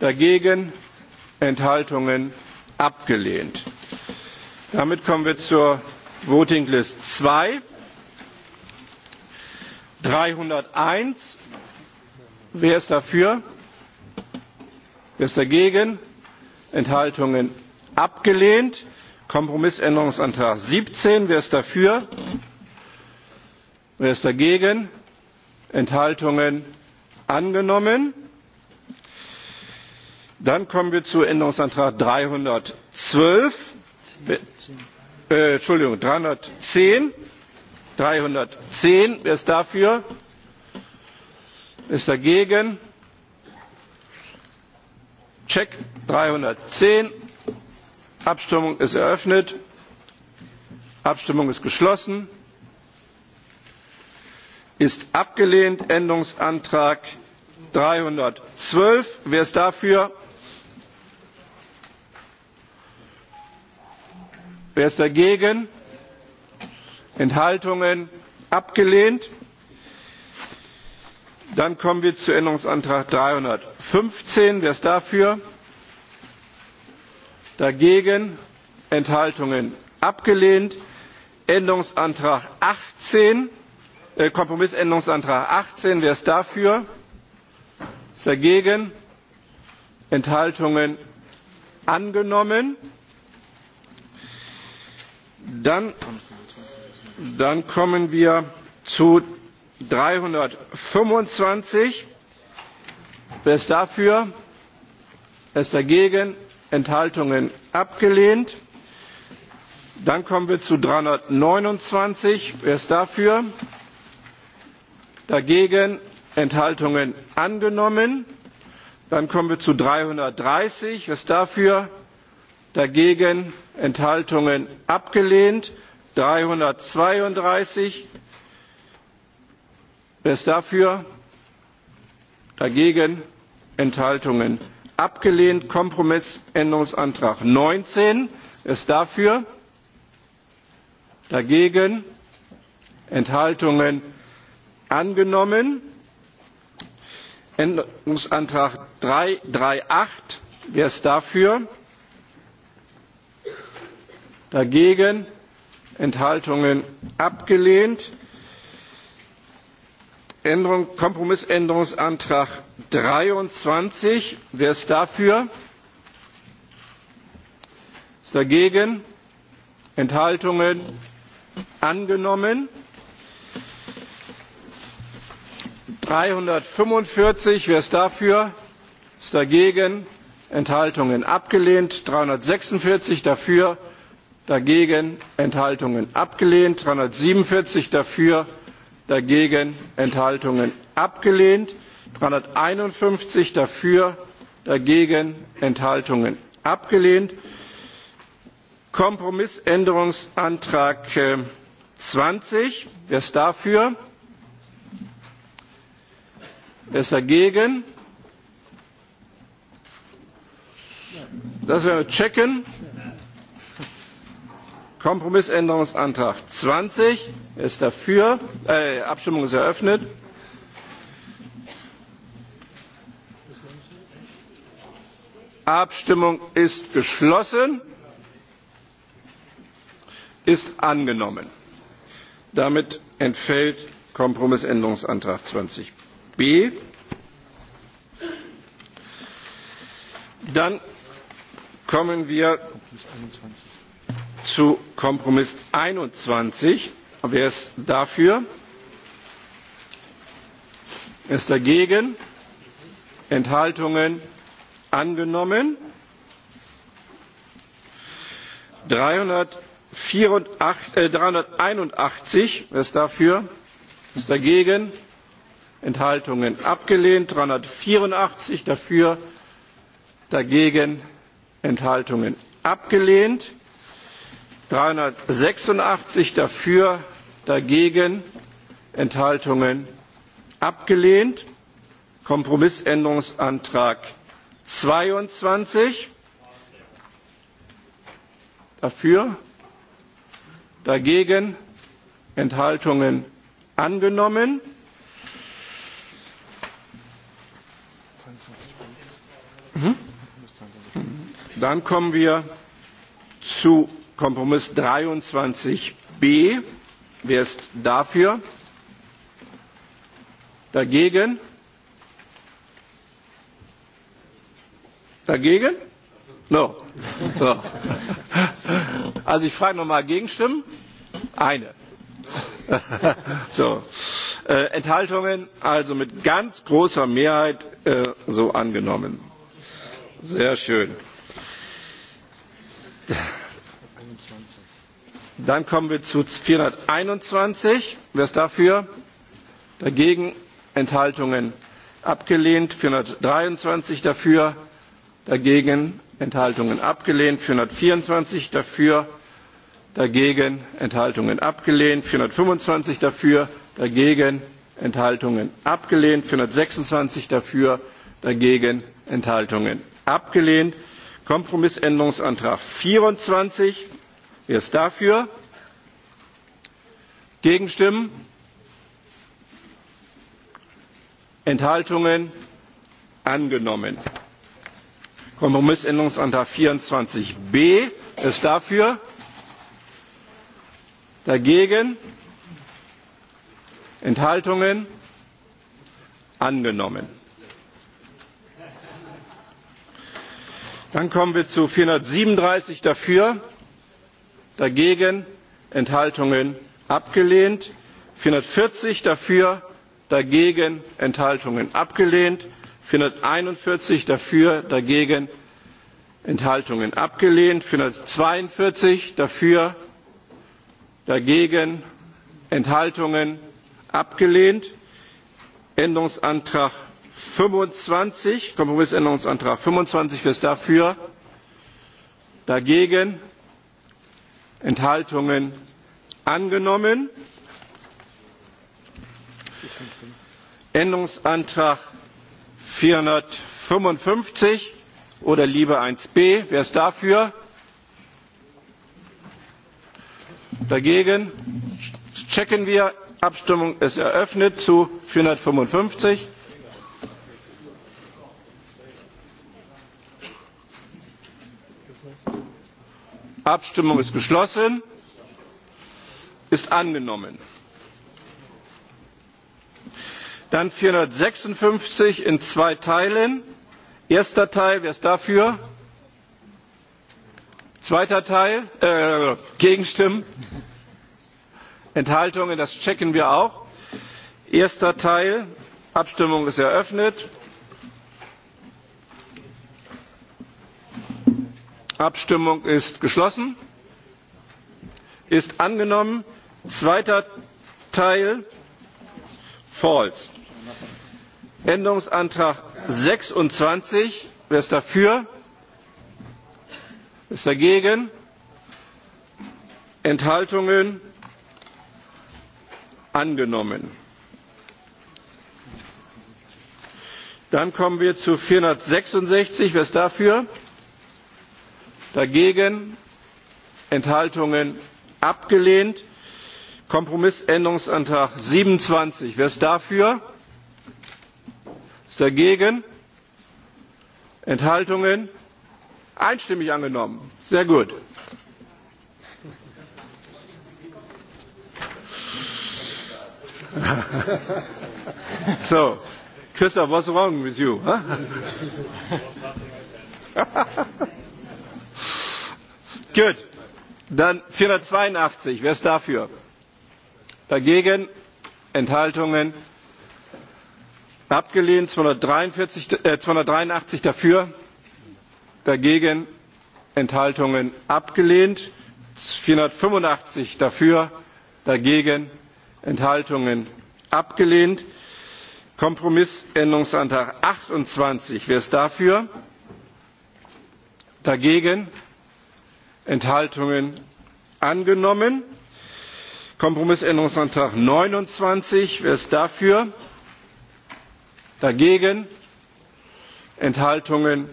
dagegen enthaltungen abgelehnt. damit kommen wir zur voting list zwei dreihunderteins wer ist dafür? wer ist dagegen? enthaltungen abgelehnt. kompromissänderungsantrag siebzehn wer ist dafür? wer ist dagegen? enthaltungen angenommen. dann kommen wir zu änderungsantrag dreihundertzwölf äh, entschuldigung dreihundertzehn dreihundertzehn wer ist dafür? wer ist dagegen? check dreihundertzehn abstimmung ist eröffnet abstimmung ist geschlossen ist abgelehnt; änderungsantrag dreihundertzwölf wer ist dafür? wer ist dagegen? enthaltungen abgelehnt. dann kommen wir zu änderungsantrag dreihundertfünfzehn wer ist dafür? dagegen enthaltungen abgelehnt. änderungsantrag 18, äh, kompromissänderungsantrag achtzehn wer ist dafür? ist dagegen enthaltungen angenommen. dann dann kommen wir zu dreihundertfünfundzwanzig wer ist dafür? wer ist dagegen? enthaltungen abgelehnt. dann kommen wir zu dreihundertneunundzwanzig wer ist dafür? dagegen? enthaltungen angenommen. dann kommen wir zu dreihundertdreißig wer ist dafür? dagegen? enthaltungen abgelehnt dreihundertzweiunddreißig wer ist dafür? dagegen? enthaltungen? abgelehnt. kompromissänderungsantrag neunzehn wer ist dafür? dagegen? enthaltungen? angenommen. änderungsantrag dreihundertachtunddreißig wer ist dafür? dagegen? enthaltungen abgelehnt. kompromissänderungsantrag dreiundzwanzig wer ist dafür? wer ist dagegen? enthaltungen? angenommen. dreihundertfünfundvierzig wer ist dafür? wer ist dagegen? enthaltungen abgelehnt. dreihundertsechsundvierzig dafür dagegen enthaltungen abgelehnt; dreihundertsiebenundvierzig dafür dagegen enthaltungen abgelehnt; dreihunderteinundfünfzig dafür dagegen enthaltungen abgelehnt; kompromissänderungsantrag äh, zwanzig wer ist dafür? wer ist dagegen? das werden wir checken kompromissänderungsantrag zwanzig wer ist dafür? die äh, abstimmung ist eröffnet. abstimmung ist geschlossen. ist angenommen. damit entfällt kompromissänderungsantrag zwanzig b. dann kommen wir zu kompromiss einundzwanzig wer ist dafür? wer ist dagegen? enthaltungen? angenommen. Äh, dreihunderteinundachtzig wer ist dafür? wer ist dagegen? enthaltungen? abgelehnt. dreihundertvierundachtzig dafür? dagegen? enthaltungen? abgelehnt dreihundertsechsundachtzig dafür dagegen enthaltungen abgelehnt; kompromissänderungsantrag zweiundzwanzig dafür dagegen enthaltungen angenommen; mhm. dann kommen wir zu kompromiss dreiundzwanzig b wer ist dafür? dagegen? dagegen? No. So. also ich frage nochmal gegenstimmen? eine. so. Äh, enthaltungen also mit ganz großer mehrheit äh, so angenommen. sehr schön. Dann kommen wir zu 421. Wer ist dafür? Dagegen? Enthaltungen? Abgelehnt. 423 dafür? Dagegen? Enthaltungen? Abgelehnt. 424 dafür? Dagegen? Enthaltungen? Abgelehnt. 425 dafür? Dagegen? Enthaltungen? Abgelehnt. 426 dafür? Dagegen? Enthaltungen? Abgelehnt. Kompromissänderungsantrag 24 wer ist dafür? gegenstimmen? enthaltungen? angenommen. kompromissänderungsantrag 24 b wer ist dafür? dagegen? enthaltungen? angenommen. dann kommen wir zu 437 dafür dagegen enthaltungen abgelehnt; vierhundertvierzig dafür dagegen enthaltungen abgelehnt; vierhunderteinundvierzig dafür dagegen enthaltungen abgelehnt; vierhundertzweiundvierzig dafür dagegen enthaltungen abgelehnt; änderungsantrag fünfundzwanzig kompromissänderungsantrag fünfundzwanzig wer ist dafür? dagegen enthaltungen angenommen; änderungsantrag vierhundertfünfundfünfzig oder lieber eins b wer ist dafür? dagegen? checken wir abstimmung ist eröffnet zu 455. abstimmung ist geschlossen ist angenommen. dann vierhundertsechsundfünfzig in zwei teilen erster teil wer ist dafür? zweiter teil äh, gegenstimmen enthaltungen das checken wir auch. erster teil abstimmung ist eröffnet abstimmung ist geschlossen ist angenommen zweiter teil false änderungsantrag sechsundzwanzig wer ist dafür wer ist dagegen enthaltungen angenommen. dann kommen wir zu vierhundertsechsundsechzig wer ist dafür? dagegen enthaltungen abgelehnt kompromissänderungsantrag siebenundzwanzig wer ist dafür? ist dagegen? enthaltungen? einstimmig angenommen. sehr gut. so christoph what's wrong with you? Huh? Gut. Dann 482. Wer ist dafür? Dagegen? Enthaltungen? Abgelehnt. 243, äh, 283 dafür? Dagegen? Enthaltungen? Abgelehnt. 485 dafür? Dagegen? Enthaltungen? Abgelehnt. Kompromissänderungsantrag 28. Wer ist dafür? Dagegen? enthaltungen angenommen. kompromissänderungsantrag neunundzwanzig wer ist dafür? dagegen? enthaltungen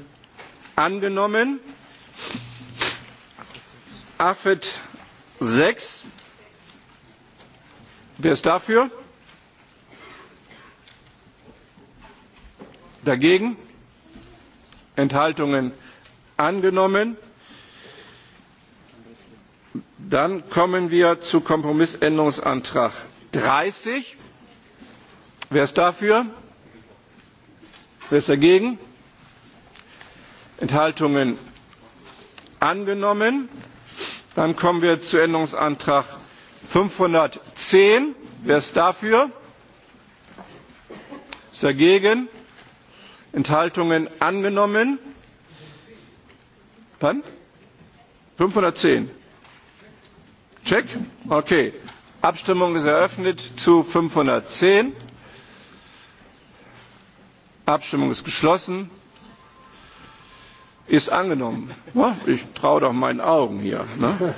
angenommen. afet sechs wer ist dafür? dagegen? enthaltungen angenommen dann kommen wir zu kompromissänderungsantrag dreißig wer ist dafür? wer ist dagegen? enthaltungen? angenommen. dann kommen wir zu änderungsantrag fünfhundertzehn wer ist dafür? ist dagegen? enthaltungen? angenommen. wann? fünfhundertzehn check okay abstimmung ist eröffnet zu 510 abstimmung ist geschlossen ist angenommen ich traue doch meinen augen hier ne?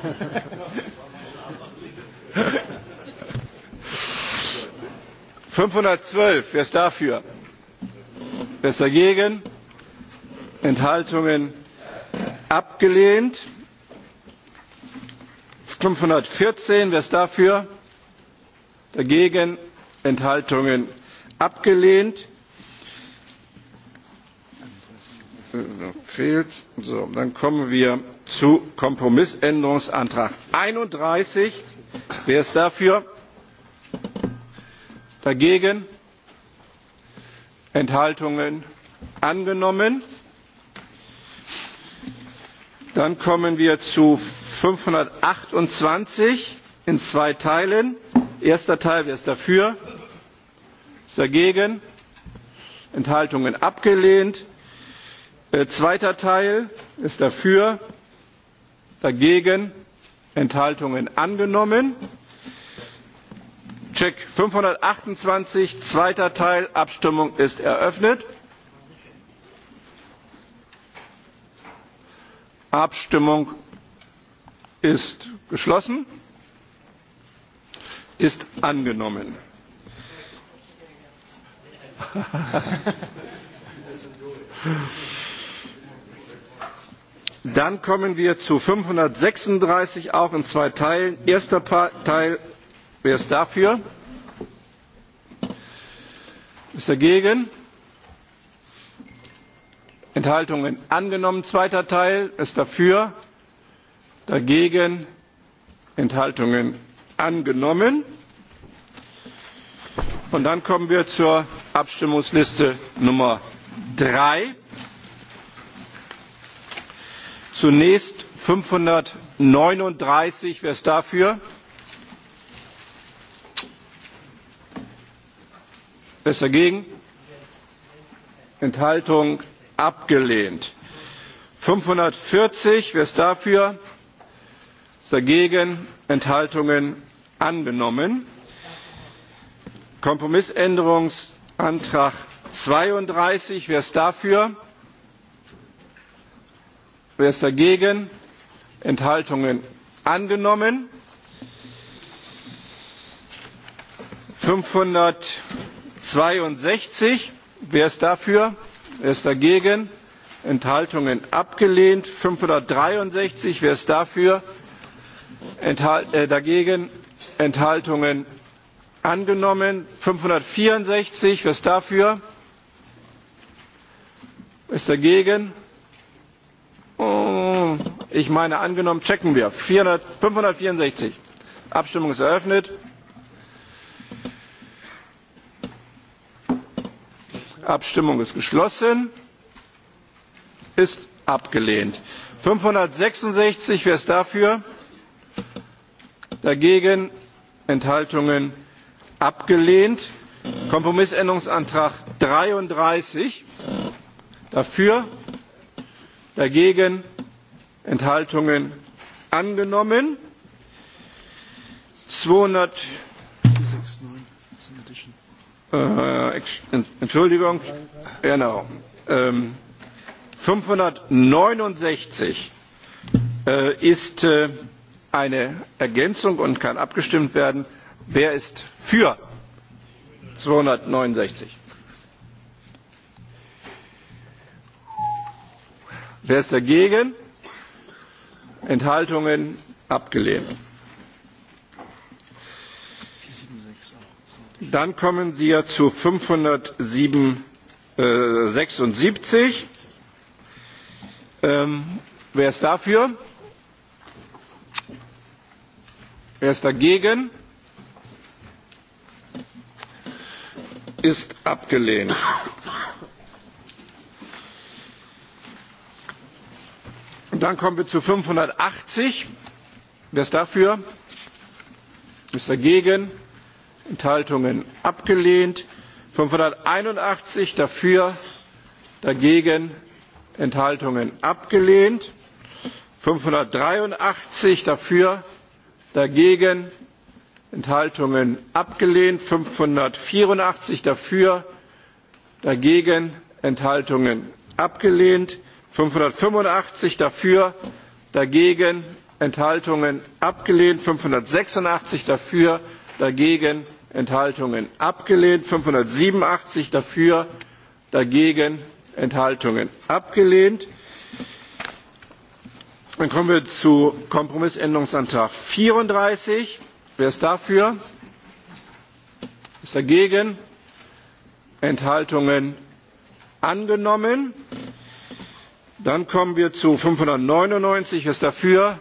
fünfhundertzwölf wer ist dafür wer ist dagegen enthaltungen abgelehnt fünfhundertvierzehn wer ist dafür? dagegen? enthaltungen? abgelehnt. Äh, so, dann kommen wir zu kompromissänderungsantrag einunddreißig wer ist dafür? dagegen? enthaltungen? angenommen. dann kommen wir zu fünfhundertachtundzwanzig in zwei teilen erster teil wer ist dafür? ist dagegen? enthaltungen abgelehnt. Äh, zweiter teil wer ist dafür? dagegen? enthaltungen angenommen. check fünfhundertachtundzwanzig zweiter teil abstimmung ist eröffnet. abstimmung ist geschlossen ist angenommen. dann kommen wir zu fünfhundertsechsunddreißig auch in zwei teilen. erster teil wer ist dafür? ist dagegen? enthaltungen angenommen. zweiter teil ist dafür? dagegen enthaltungen angenommen. und dann kommen wir zur abstimmungsliste nummer drei zunächst fünfhundertneununddreißig wer ist dafür? wer ist dagegen? enthaltung abgelehnt. fünfhundertvierzig wer ist dafür? dagegen enthaltungen angenommen. kompromissänderungsantrag zweiunddreißig wer ist dafür? wer ist dagegen? enthaltungen angenommen. fünfhundertzweiundsechzig wer ist dafür? wer ist dagegen? enthaltungen abgelehnt. fünfhundertdreiundsechzig wer ist dafür? Äh, dagegen enthaltungen angenommen fünfhundertvierundsechzig wer ist dafür wer ist dagegen? Oh, ich meine angenommen checken wir fünfhundertvierundsechzig abstimmung ist eröffnet abstimmung ist geschlossen ist abgelehnt fünfhundertsechsundsechzig wer ist dafür? dagegen enthaltungen abgelehnt kompromissänderungsantrag dreiunddreißig dafür dagegen enthaltungen angenommen äh, entschuldigung genau ähm, fünfhundertneunundsechzig äh, ist äh, eine ergänzung und kann abgestimmt werden. wer ist für? zweihundertneunundsechzig wer ist dagegen? enthaltungen? abgelehnt. dann kommen wir zu fünfhundertsechsundsiebzig. Ähm, wer ist dafür? Wer ist dagegen? Ist abgelehnt. Und dann kommen wir zu 580. Wer ist dafür? ist dagegen? Enthaltungen abgelehnt. 581 dafür, dagegen Enthaltungen abgelehnt. 583 dafür, dagegen enthaltungen abgelehnt fünfhundertvierundachtzig dafür dagegen enthaltungen abgelehnt fünfhundertfünfundachtzig dafür dagegen enthaltungen abgelehnt fünfhundertsechsundachtzig dafür dagegen enthaltungen abgelehnt fünfhundertsiebenundachtzig dafür dagegen enthaltungen abgelehnt Dann kommen wir zu Kompromissänderungsantrag vierunddreißig Wer ist dafür? wer Ist dagegen? Enthaltungen angenommen. Dann kommen wir zu fünfhundertneunundneunzig Wer ist dafür?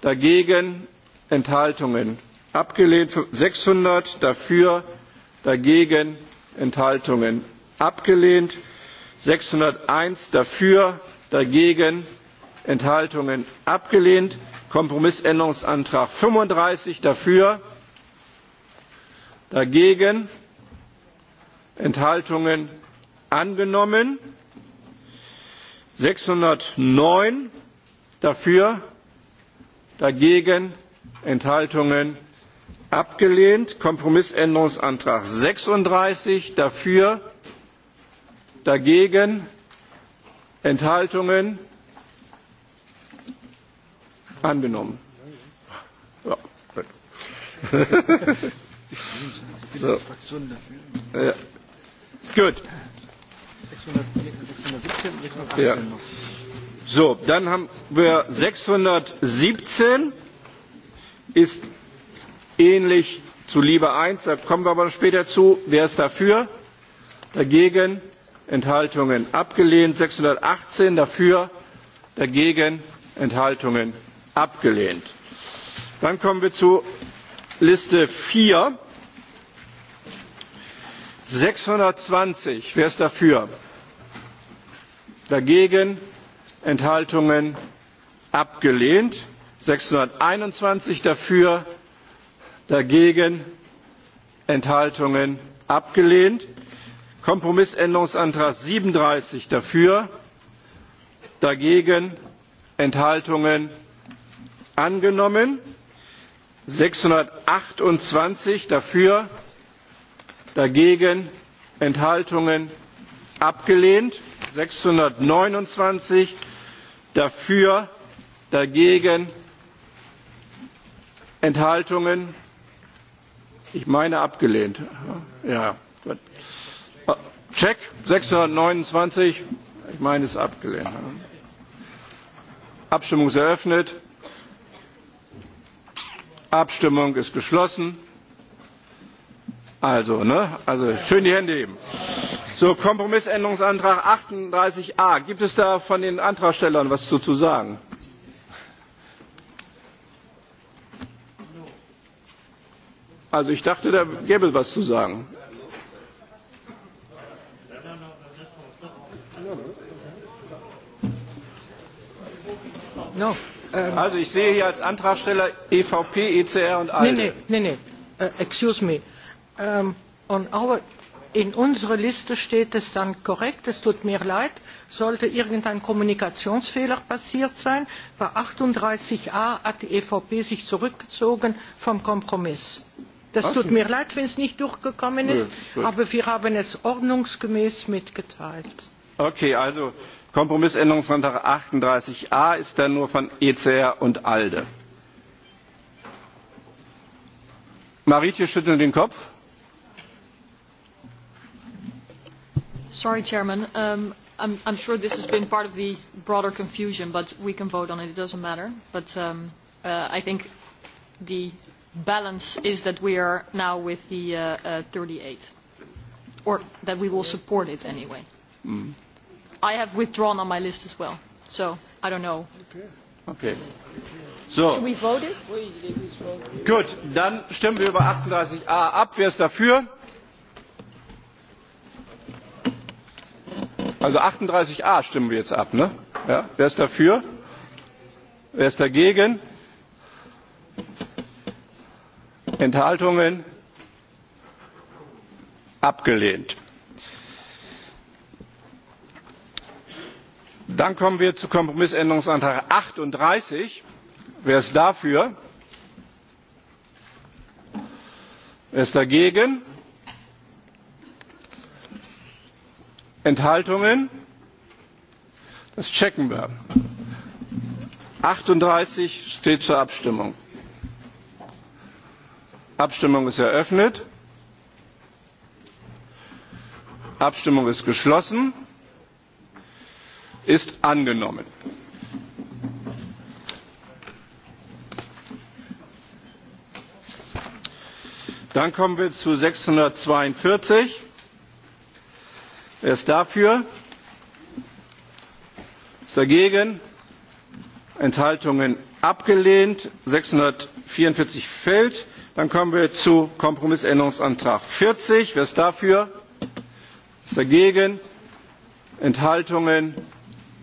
Dagegen? Enthaltungen abgelehnt. sechshundert dafür? Dagegen? Enthaltungen abgelehnt. sechshunderteins dafür? Dagegen? enthaltungen abgelehnt; kompromissänderungsantrag fünfunddreißig dafür dagegen enthaltungen angenommen; sechshundertneun dafür dagegen enthaltungen abgelehnt; kompromissänderungsantrag sechsunddreißig dafür dagegen enthaltungen Angenommen. Ja, so. Ja. Gut. Ja. So, dann haben wir 617 ist ähnlich zu Liebe 1, da kommen wir aber später zu. Wer ist dafür? Dagegen? Enthaltungen abgelehnt. 618 dafür, dagegen? Enthaltungen abgelehnt. dann kommen wir zu liste 4. 620, wer ist dafür? dagegen enthaltungen abgelehnt 621 dafür dagegen enthaltungen abgelehnt kompromissänderungsantrag 37 dafür dagegen enthaltungen abgelehnt angenommen sechshundertachtundzwanzig dafür dagegen enthaltungen abgelehnt sechshundertneunundzwanzig dafür dagegen enthaltungen ich meine abgelehnt ja gut. check sechshundertneunundzwanzig ich meine es ist abgelehnt abstimmung ist eröffnet abstimmung ist geschlossen. Also, ne? also schön die hände heben. So, kompromissänderungsantrag 38 a gibt es da von den antragstellern was zu, zu sagen? also ich dachte da gäbe es etwas zu sagen. No. Ähm, also ich sehe hier als Antragsteller EVP, ECR und ALDE. Nein, nein, nein, äh, excuse me. Um, ähm, our, in unserer Liste steht es dann korrekt, es tut mir leid, sollte irgendein Kommunikationsfehler passiert sein. Bei 38a hat die EVP sich zurückgezogen vom Kompromiss. Das Ach, tut mir leid, wenn es nicht durchgekommen ist, nö, aber wir haben es ordnungsgemäß mitgeteilt. Okay, also kompromissänderungsantrag achtunddreißig a ist dann nur von ecr und alde. marietje schüttelt den kopf. sorry chairman um, I'm, i'm sure this has been part of the broader confusion but we can vote on it it doesn't matter but um, uh, i think the balance is that we are now with the uh, uh, 38 or that we will support it anyway. Mm. I have withdrawn on my list as well. So I don't know. Okay. So. Should we vote it? Good. Then, stimmen wir über 38a ab. Wer ist dafür? Also 38a stimmen wir jetzt ab, ne? Ja. Wer ist dafür? Wer ist dagegen? Enthaltungen? Abgelehnt dann kommen wir zu kompromissänderungsantrag achtunddreißig wer ist dafür? wer ist dagegen? enthaltungen? das checken wir. achtunddreißig steht zur abstimmung. abstimmung ist eröffnet. abstimmung ist geschlossen ist angenommen. dann kommen wir zu 642. wer ist dafür? ist dagegen? enthaltungen abgelehnt. 644 fällt. dann kommen wir zu kompromissänderungsantrag 40. wer ist dafür? ist dagegen? enthaltungen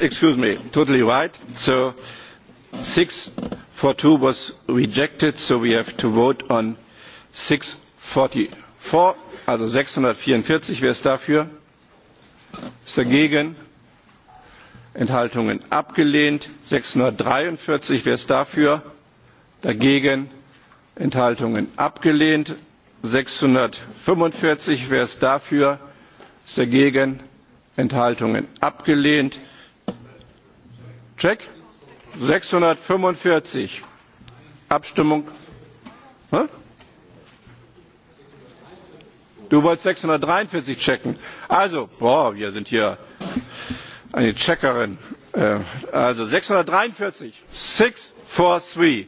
excuse me totally right so six four two was rejected so we have to vote on six forty four also sechshundertvierundvierzig wer ist dafür ist dagegen enthaltungen abgelehnt sechshundertdreiundvierzig wer ist dafür dagegen enthaltungen abgelehnt sechshundertfünfundvierzig wer ist dafür ist dagegen enthaltungen abgelehnt check 645 abstimmung Hä? du wolltest 643 checken also boah wir sind hier eine checkerin äh, also 643 643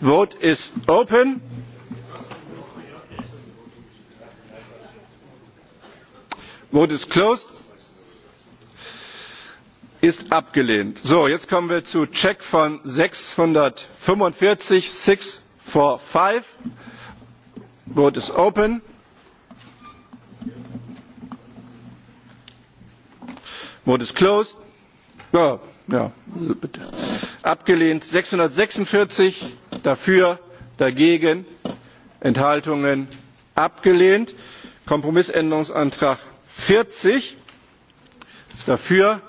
vote is open vote is closed ist abgelehnt. So, jetzt kommen wir zu check von 645 645 vote is open vote is closed ja, ja, bitte. abgelehnt 646 dafür dagegen enthaltungen abgelehnt kompromissänderungsantrag vierzig dafür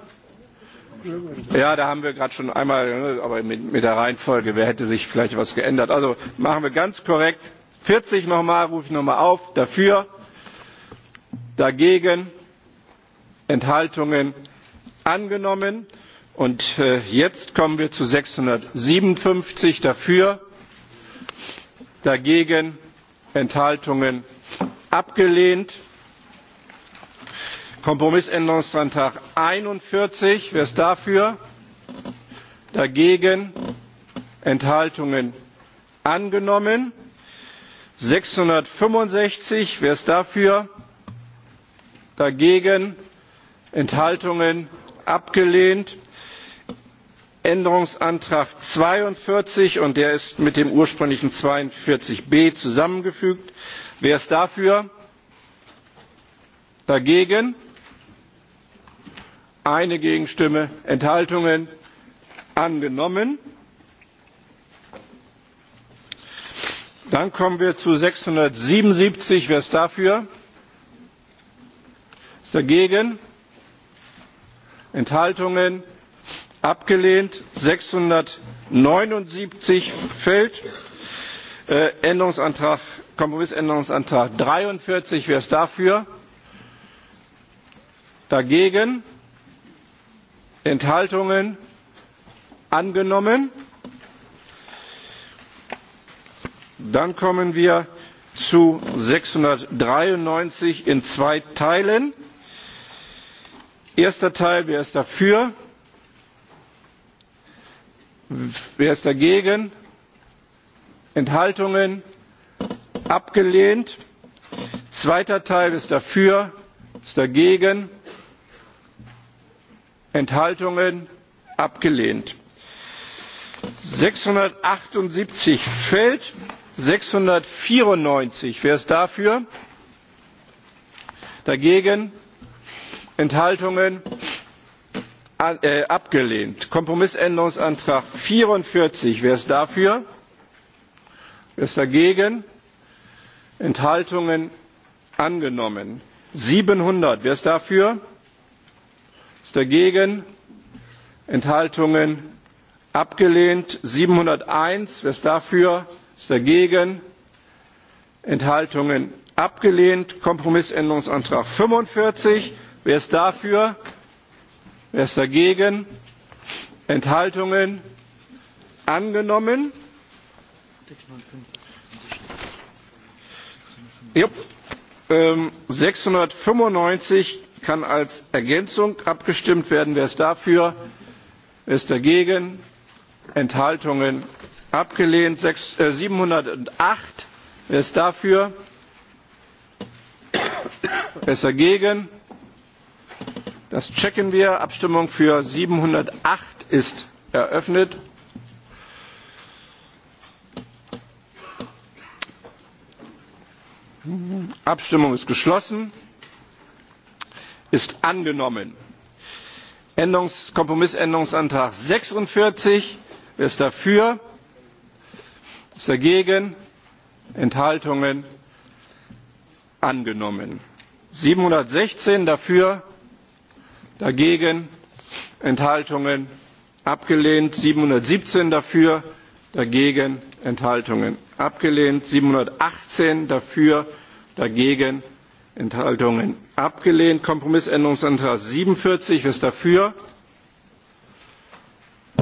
ja da haben wir gerade schon einmal aber mit, mit der reihenfolge wer hätte sich vielleicht etwas geändert also machen wir ganz korrekt vierzig nochmal rufe ich nochmal auf dafür dagegen enthaltungen angenommen und äh, jetzt kommen wir zu sechshundertsiebenundfünfzig dafür dagegen enthaltungen abgelehnt kompromissänderungsantrag einundvierzig wer ist dafür? dagegen? enthaltungen? angenommen. sechshundertfünfundsechzig wer ist dafür? dagegen? enthaltungen? abgelehnt. änderungsantrag zweiundvierzig und der ist mit dem ursprünglichen zweiundvierzig b zusammengefügt wer ist dafür? dagegen? eine gegenstimme enthaltungen angenommen. dann kommen wir zu sechshundertsiebenundsiebzig wer ist dafür? wer ist dagegen? enthaltungen? abgelehnt. sechshundertneunundsiebzig fällt. Äh, Änderungsantrag, kompromissänderungsantrag dreiundvierzig wer ist dafür? dagegen? enthaltungen angenommen. dann kommen wir zu sechshundertdreiundneunzig in zwei teilen. erster teil wer ist dafür? wer ist dagegen? enthaltungen? abgelehnt. zweiter teil wer ist dafür? wer ist dagegen? enthaltungen abgelehnt; sechshundertachtundsiebzig fällt sechshundertvierundneunzig wer ist dafür? dagegen? enthaltungen? Äh, abgelehnt. kompromissänderungsantrag vierundvierzig wer ist dafür? wer ist dagegen? enthaltungen? angenommen. siebenhundert wer ist dafür? ist dagegen enthaltungen abgelehnt siebenhunderteins wer ist dafür ist dagegen enthaltungen abgelehnt kompromissänderungsantrag fünfundvierzig wer ist dafür wer ist dagegen enthaltungen angenommen ähm, sechshundertfünfundneunzig kann als ergänzung abgestimmt werden. wer ist dafür? wer ist dagegen? enthaltungen? abgelehnt. Äh, siebenhundertacht wer ist dafür? wer ist dagegen? das checken wir. abstimmung für siebenhundertacht ist eröffnet. abstimmung ist geschlossen ist angenommen. kompromissänderungsantrag sechsundvierzig wer ist dafür? wer ist dagegen? enthaltungen? angenommen. siebenhundertsechzehn dafür dagegen enthaltungen? abgelehnt. siebenhundertsiebzehn dafür dagegen enthaltungen? abgelehnt. siebenhundertachtzehn dafür dagegen enthaltungen? abgelehnt. kompromissänderungsantrag siebenundvierzig wer ist dafür?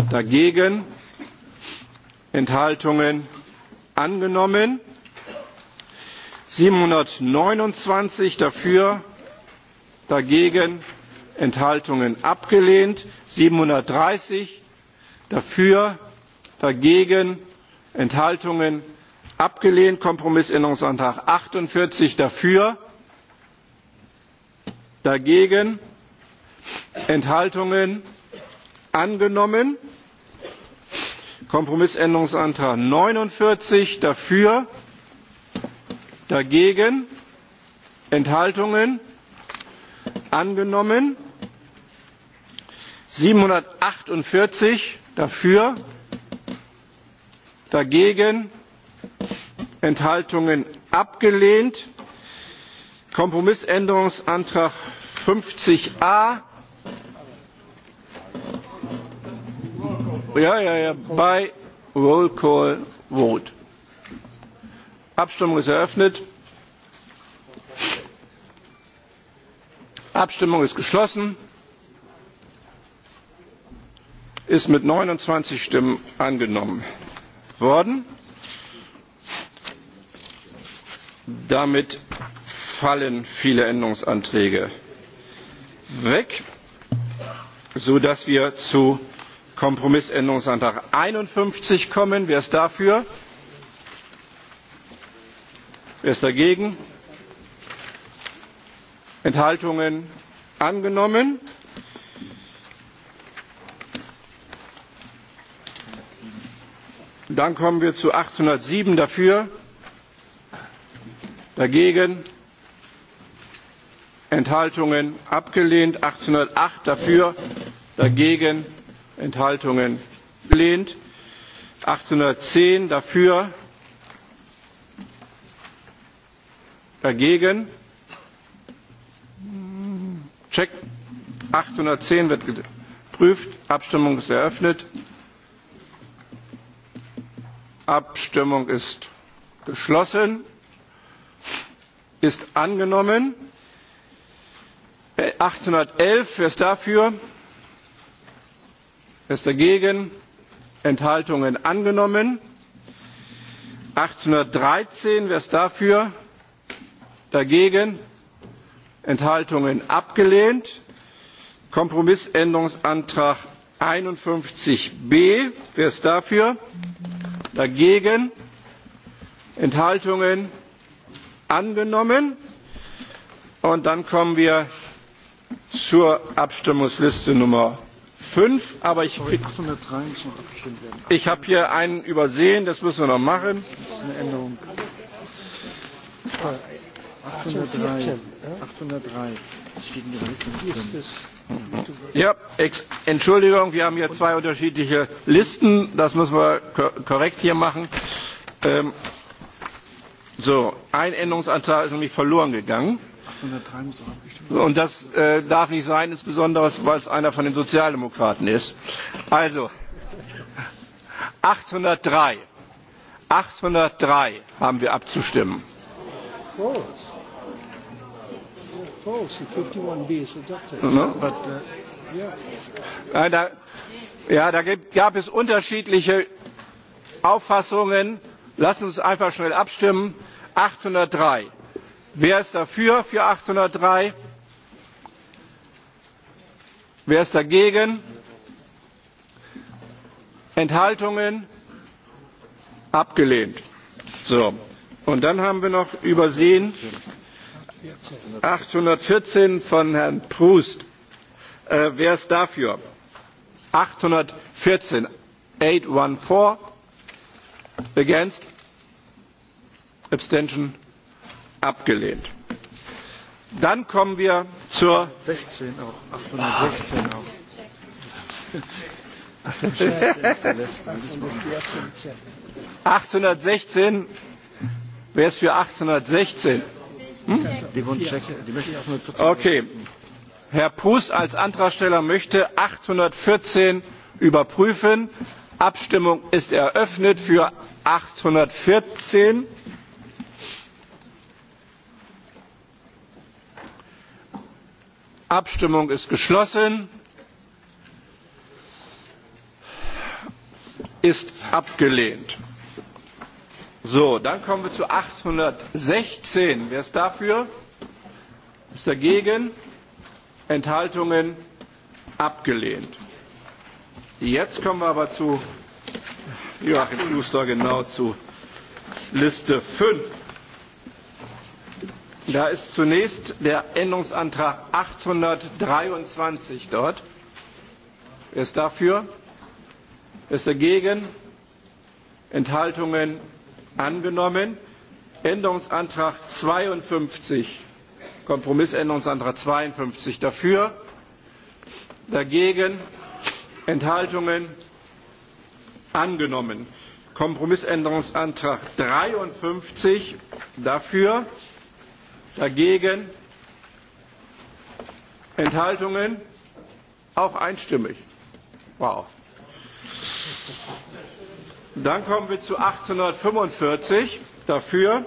dagegen? enthaltungen? angenommen. siebenhundertneunundzwanzig dafür? dagegen? enthaltungen? abgelehnt. siebenhundertdreißig dafür? dagegen? enthaltungen? abgelehnt. kompromissänderungsantrag achtundvierzig dafür? dagegen enthaltungen angenommen kompromissänderungsantrag neunundvierzig dafür dagegen enthaltungen angenommen siebenhundertachtundvierzig dafür dagegen enthaltungen abgelehnt kompromissänderungsantrag fünfzig a ja, ja, ja, bei roll call vote. abstimmung ist eröffnet. abstimmung ist geschlossen. ist mit neunundzwanzig stimmen angenommen worden. damit fallen viele änderungsanträge weg sodass wir zu kompromissänderungsantrag einundfünfzig kommen. wer ist dafür? wer ist dagegen? enthaltungen? angenommen. dann kommen wir zu achthundertsieben dafür dagegen enthaltungen abgelehnt; eintausendachthundertacht dafür dagegen enthaltungen abgelehnt; achthundertzehn dafür dagegen check 810 wird geprüft abstimmung ist eröffnet abstimmung ist geschlossen ist angenommen; achthundertelf wer ist dafür? wer ist dagegen? enthaltungen angenommen. achthundertdreizehn wer ist dafür? dagegen? enthaltungen abgelehnt. kompromissänderungsantrag einundfünfzig b wer ist dafür? dagegen? enthaltungen angenommen. und dann kommen wir zur abstimmungsliste nummer fünf aber ich, habe hier einen übersehen das müssen wir noch machen. Ja, Entschuldigung, wir haben hier zwei unterschiedliche Listen. Das müssen wir korrekt hier machen. Ähm, so, ein Änderungsantrag ist nämlich verloren gegangen. Und das äh, darf nicht sein, insbesondere weil es einer von den Sozialdemokraten ist. Also, 803. 803 haben wir abzustimmen. False. Uh, da, ja, da gab es unterschiedliche Auffassungen. Lassen Sie uns einfach schnell abstimmen. 803 wer ist dafür für achthundertdrei wer ist dagegen enthaltungen abgelehnt. So. und dann haben wir noch übersehen achthundertvierzehn von herrn proust äh, wer ist dafür? achthundertvierzehn eight against abstention abgelehnt. dann kommen wir zur 16 auch, 816 auch. wer ist für achthundertsechzehn? Hm? okay herr proust als antragsteller möchte achthundertvierzehn überprüfen. abstimmung ist eröffnet für achthundertvierzehn abstimmung ist geschlossen ist abgelehnt. So, dann kommen wir zu 816. Wer ist dafür? Ist dagegen? Enthaltungen? Abgelehnt. Jetzt kommen wir aber zu Joachim Schuster, genau zu Liste 5. Da ist zunächst der Änderungsantrag 823 dort. Wer ist dafür? Wer ist dagegen? Enthaltungen angenommen. Änderungsantrag 52, Kompromissänderungsantrag 52 dafür, dagegen Enthaltungen angenommen. Kompromissänderungsantrag 53 dafür, dagegen Enthaltungen auch einstimmig. Wow. Dann kommen wir zu 1845 dafür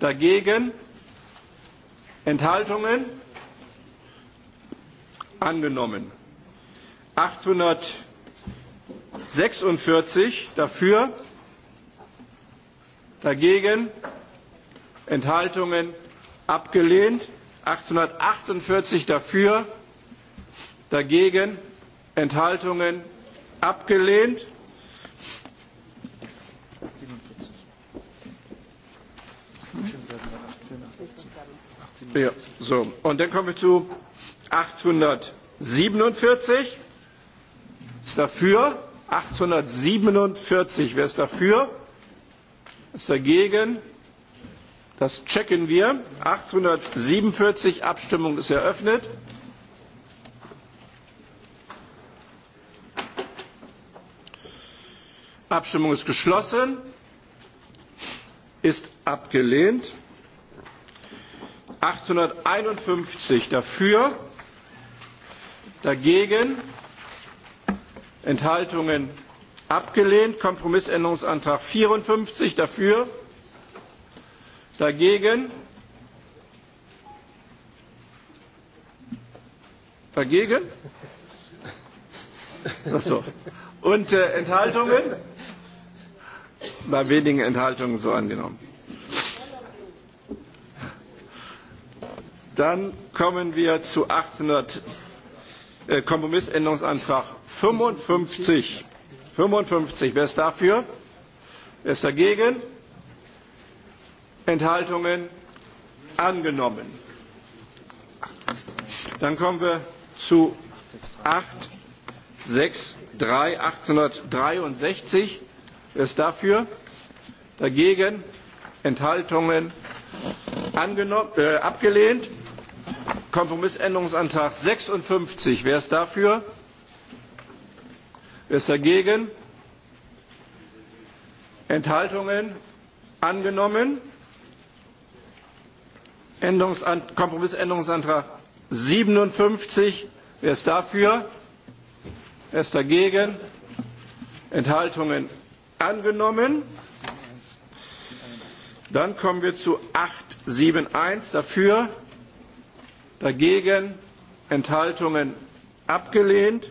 dagegen Enthaltungen angenommen. 846 dafür dagegen Enthaltungen abgelehnt. 848 dafür, dagegen Enthaltungen abgelehnt. Ja, so. Und dann kommen wir zu 847. Ist dafür? 847. Wer ist dafür? Ist dagegen? das checken wir. achthundertsiebenundvierzig abstimmung ist eröffnet. abstimmung ist geschlossen. ist abgelehnt. achthunderteinundfünfzig dafür dagegen enthaltungen abgelehnt. kompromissänderungsantrag vierundfünfzig dafür Dagegen? Dagegen? so. Und äh, Enthaltungen? Bei wenigen Enthaltungen so angenommen. Dann kommen wir zu 800, äh, Kompromissänderungsantrag 55. 55. Wer ist dafür? Wer ist dagegen? Enthaltungen angenommen. Dann kommen wir zu 863 863. Wer ist dafür? Dagegen? Enthaltungen Angenommen, äh, abgelehnt. Kompromissänderungsantrag 56. Wer ist dafür? Wer ist dagegen? Enthaltungen angenommen. Änderungsantrag, Kompromissänderungsantrag 57. Wer ist dafür? Wer ist dagegen? Enthaltungen angenommen. Dann kommen wir zu 871 dafür, dagegen Enthaltungen abgelehnt.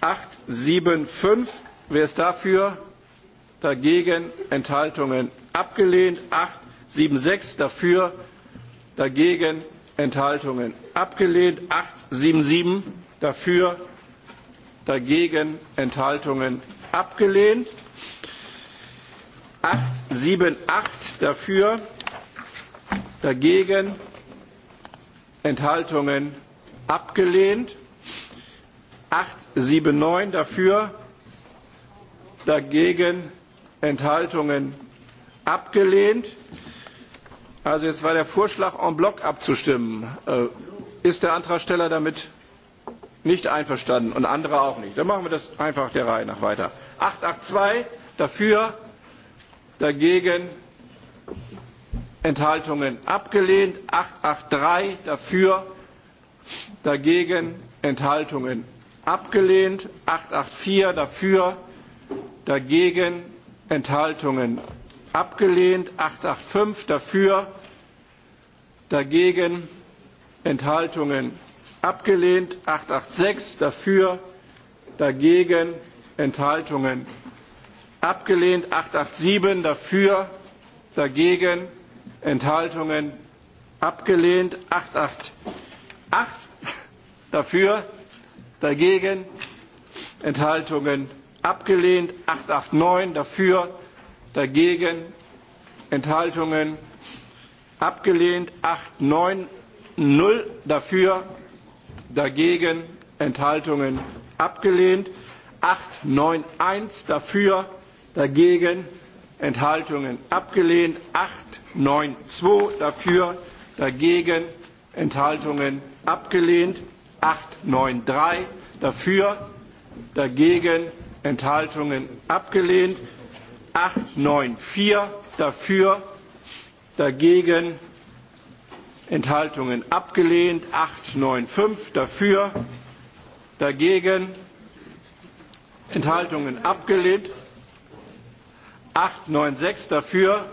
achthundertfünfundsiebzig wer ist dafür? Dagegen Enthaltungen abgelehnt. achthundertsechsundsiebzig dafür, dagegen enthaltungen abgelehnt achthundertsiebenundsiebzig dafür dagegen enthaltungen abgelehnt achthundertachtundsiebzig dafür dagegen enthaltungen abgelehnt achthundertneunundsiebzig dafür dagegen enthaltungen abgelehnt; Also jetzt war der Vorschlag, en bloc abzustimmen. Äh, ist der Antragsteller damit nicht einverstanden und andere auch nicht? Dann machen wir das einfach der Reihe nach weiter. 882 dafür, dagegen Enthaltungen abgelehnt. 883 dafür, dagegen Enthaltungen abgelehnt. 884 dafür, dagegen Enthaltungen abgelehnt; 885, dafür dagegen enthaltungen abgelehnt; 886, dafür dagegen enthaltungen abgelehnt; 887, dafür dagegen enthaltungen abgelehnt; 888, dafür dagegen enthaltungen abgelehnt; 889, dafür dagegen Enthaltungen abgelehnt, 8, 9, 0 dafür, dagegen Enthaltungen abgelehnt, 8, 9, 1 dafür, dagegen Enthaltungen abgelehnt, 8, 9, 2 dafür, dagegen Enthaltungen abgelehnt, 8, 9, 3 dafür, dagegen Enthaltungen abgelehnt, 894 dafür, dagegen Enthaltungen abgelehnt, 895 dafür, dagegen Enthaltungen abgelehnt, 896 dafür,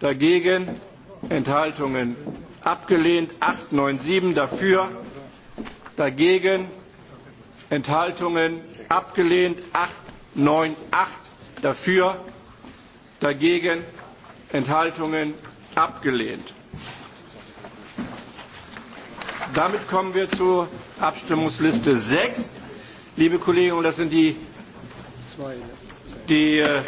dagegen Enthaltungen abgelehnt, 897 dafür, dagegen Enthaltungen abgelehnt, 898 dafür dagegen enthaltungen abgelehnt. damit kommen wir zur abstimmungsliste sechs liebe Kolleginnen und das sind die, die äh,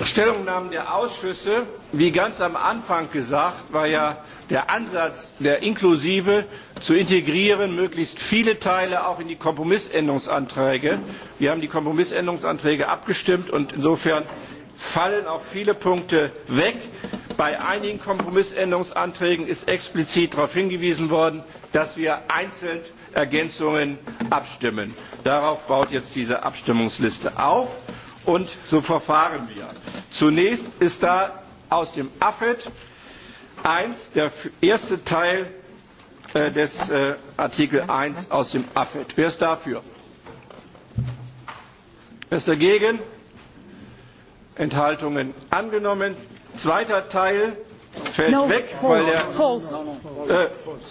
Stellungnahmen der Ausschüsse, wie ganz am Anfang gesagt, war ja der Ansatz der Inklusive zu integrieren, möglichst viele Teile auch in die Kompromissänderungsanträge. Wir haben die Kompromissänderungsanträge abgestimmt und insofern fallen auch viele Punkte weg. Bei einigen Kompromissänderungsanträgen ist explizit darauf hingewiesen worden, dass wir einzeln Ergänzungen abstimmen. Darauf baut jetzt diese Abstimmungsliste auf und so verfahren wir. Zunächst ist da aus dem AFET 1 der erste Teil äh, des äh, Artikel 1 aus dem AFET. Wer ist dafür? Wer ist dagegen? Enthaltungen angenommen. Zweiter Teil fällt no, weg, false, weil der false.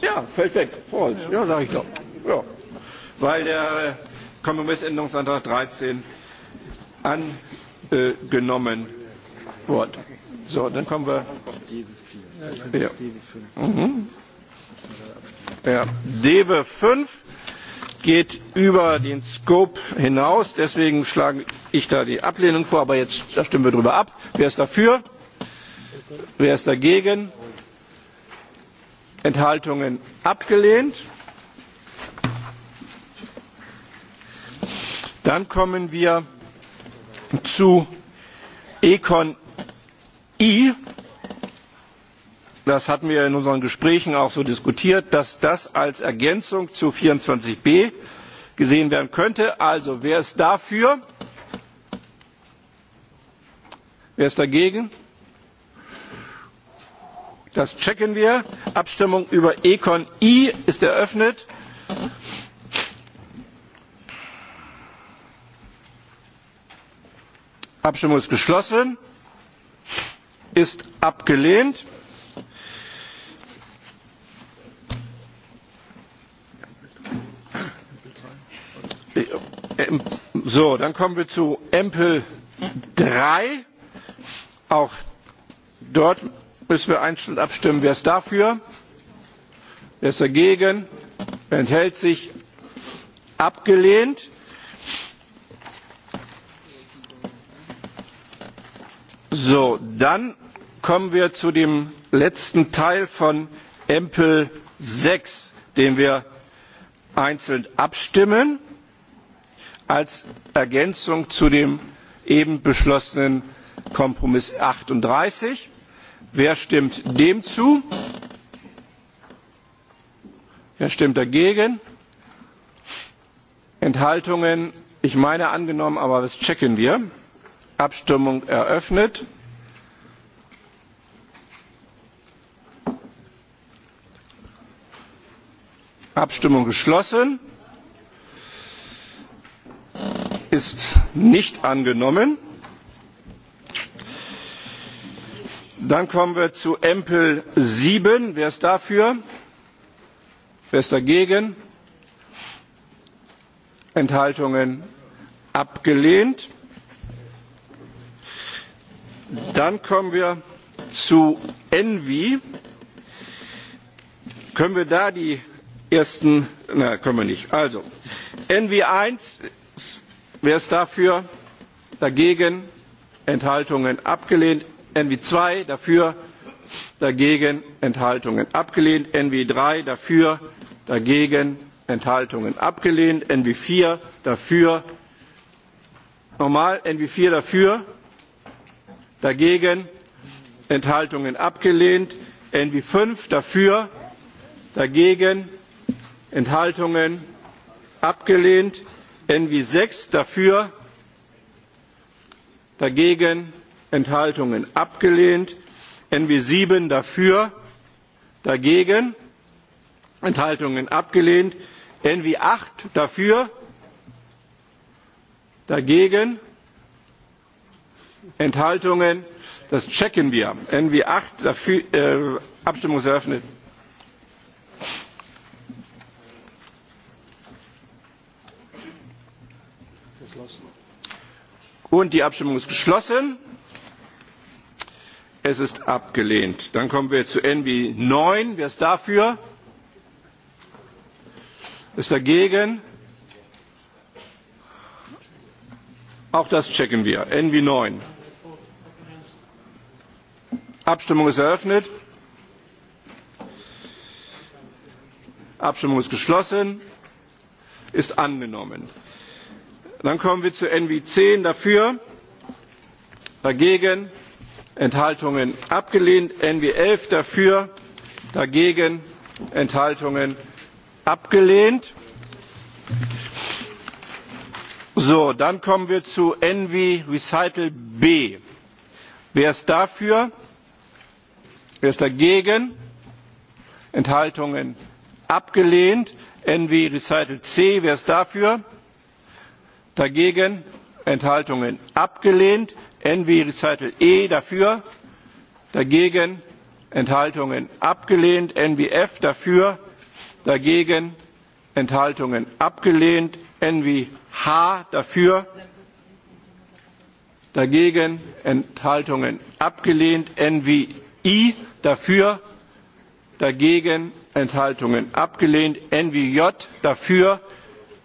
Äh, ja fällt weg, false, ja sage ich doch, ja, weil der äh, Kompromissänderungsantrag 13 angenommen worden. So, dann kommen wir. Ja. Mhm. Ja. Dewe 5 geht über den Scope hinaus. Deswegen schlage ich da die Ablehnung vor. Aber jetzt da stimmen wir drüber ab. Wer ist dafür? Wer ist dagegen? Enthaltungen abgelehnt. Dann kommen wir zu econ i das hatten wir in unseren gesprächen auch so diskutiert dass das als ergänzung zu vierundzwanzig b gesehen werden könnte. also wer ist dafür? wer ist dagegen? das checken wir. abstimmung über econ i ist eröffnet. abstimmung ist geschlossen ist abgelehnt. Äh, so, dann kommen wir zu empl drei auch dort müssen wir einzeln abstimmen wer ist dafür wer ist dagegen wer enthält sich? abgelehnt. dann kommen wir zu dem letzten Teil von Empel 6, den wir einzeln abstimmen, als Ergänzung zu dem eben beschlossenen Kompromiss 38. Wer stimmt dem zu? Wer stimmt dagegen? Enthaltungen? Ich meine angenommen, aber das checken wir abstimmung eröffnet. abstimmung geschlossen. ist nicht angenommen. dann kommen wir zu empl sieben wer ist dafür? wer ist dagegen? enthaltungen abgelehnt dann kommen wir zu envi können wir da die ersten nein können wir nicht also envi eins wer ist dafür dagegen enthaltungen abgelehnt envi zwei dafür dagegen enthaltungen abgelehnt envi drei dafür dagegen enthaltungen abgelehnt envi vier dafür nochmal envi vier dafür dagegen enthaltungen abgelehnt envi fünf dafür dagegen enthaltungen abgelehnt envi sechs dafür dagegen enthaltungen abgelehnt envi sieben dafür dagegen enthaltungen abgelehnt envi acht dafür dagegen enthaltungen das checken wir nv acht äh, äh abstimmung eröffnet und die abstimmung ist geschlossen es ist abgelehnt. dann kommen wir zu nv neun wer ist dafür? wer ist dagegen? auch das checken wir Envy 9. abstimmung ist eröffnet abstimmung ist geschlossen ist angenommen. dann kommen wir zu Envy 10. dafür dagegen enthaltungen abgelehnt Envy 11. dafür dagegen enthaltungen abgelehnt dann kommen wir zu envi Recital B. Wer ist dafür? Wer ist dagegen? Enthaltungen abgelehnt. envi Recital C. Wer ist dafür? Dagegen? Enthaltungen abgelehnt. envi Recital E. Dafür? Dagegen? Enthaltungen abgelehnt. envi F. Dafür? Dagegen? Enthaltungen abgelehnt. NWH dafür, dagegen Enthaltungen abgelehnt, NWI dafür, dagegen Enthaltungen abgelehnt, NWJ dafür,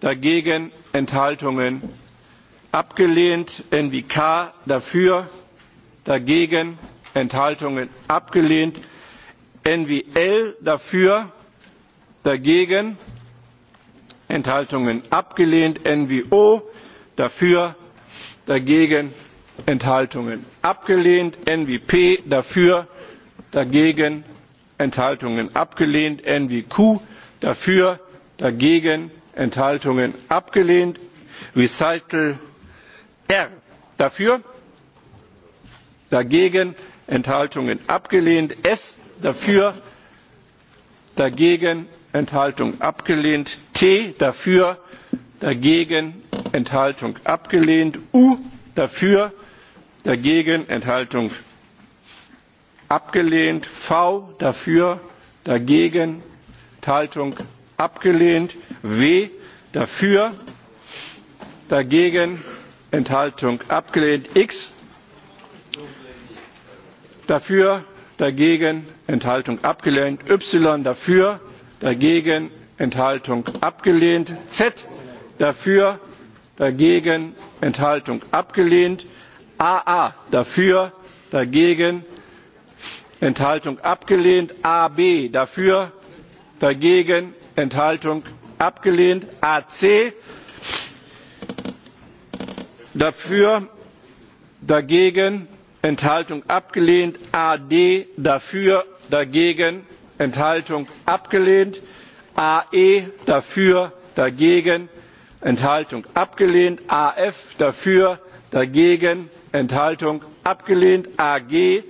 dagegen Enthaltungen abgelehnt, NWK dafür, dagegen Enthaltungen abgelehnt, NWL dafür, dagegen enthaltungen abgelehnt nvo dafür dagegen enthaltungen abgelehnt nwp dafür dagegen enthaltungen abgelehnt nwq dafür dagegen enthaltungen abgelehnt recital r dafür dagegen enthaltungen abgelehnt s dafür dagegen enthaltungen abgelehnt t dafür dagegen enthaltung abgelehnt u dafür dagegen enthaltung abgelehnt v dafür dagegen enthaltung abgelehnt w dafür dagegen enthaltung abgelehnt x dafür dagegen enthaltung abgelehnt y dafür dagegen enthaltung abgelehnt z dafür dagegen enthaltung abgelehnt aa dafür dagegen enthaltung abgelehnt ab dafür dagegen enthaltung abgelehnt ac dafür dagegen enthaltung abgelehnt ad dafür dagegen enthaltung abgelehnt ae dafür dagegen enthaltung abgelehnt af dafür dagegen enthaltung abgelehnt ag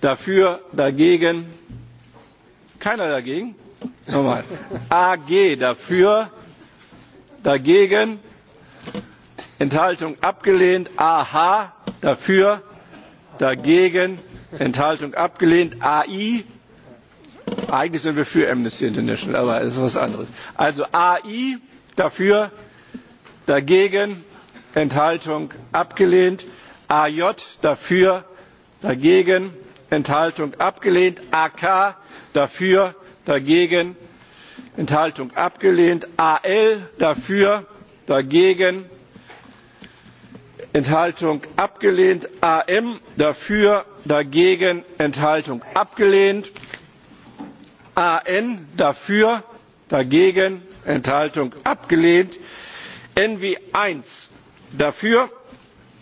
dafür dagegen keiner dagegen nochmal ag dafür dagegen enthaltung abgelehnt ah dafür dagegen enthaltung abgelehnt ai Eigentlich sind wir für Amnesty International, aber das ist was anderes. Also AI dafür, dagegen, Enthaltung abgelehnt. AJ dafür, dagegen, Enthaltung abgelehnt. AK dafür, dagegen, Enthaltung abgelehnt. AL dafür, dagegen, enthaltung abgelehnt am dafür dagegen enthaltung abgelehnt an dafür dagegen enthaltung abgelehnt; envi eins dafür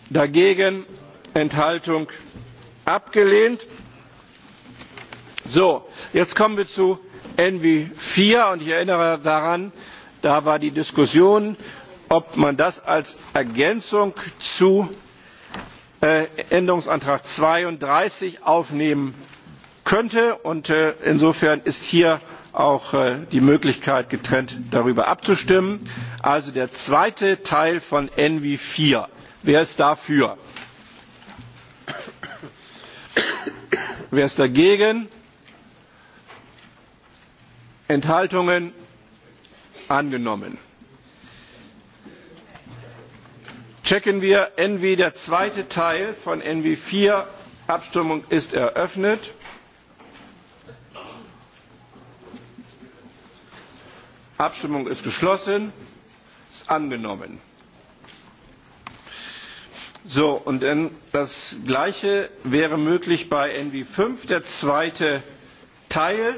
dagegen enthaltung abgelehnt. jetzt kommen wir zu envi vier und ich erinnere daran da war die diskussion ob man das als ergänzung zu äh, änderungsantrag zweiunddreißig aufnehmen könnte. Und äh, insofern ist hier auch äh, die Möglichkeit, getrennt darüber abzustimmen. Also der zweite Teil von envi vier Wer ist dafür? Wer ist dagegen? Enthaltungen? Angenommen. Checken wir envi der zweite Teil von envi vier Abstimmung ist eröffnet. abstimmung ist geschlossen ist angenommen. so und dann das gleiche wäre möglich bei envi fünf der zweite teil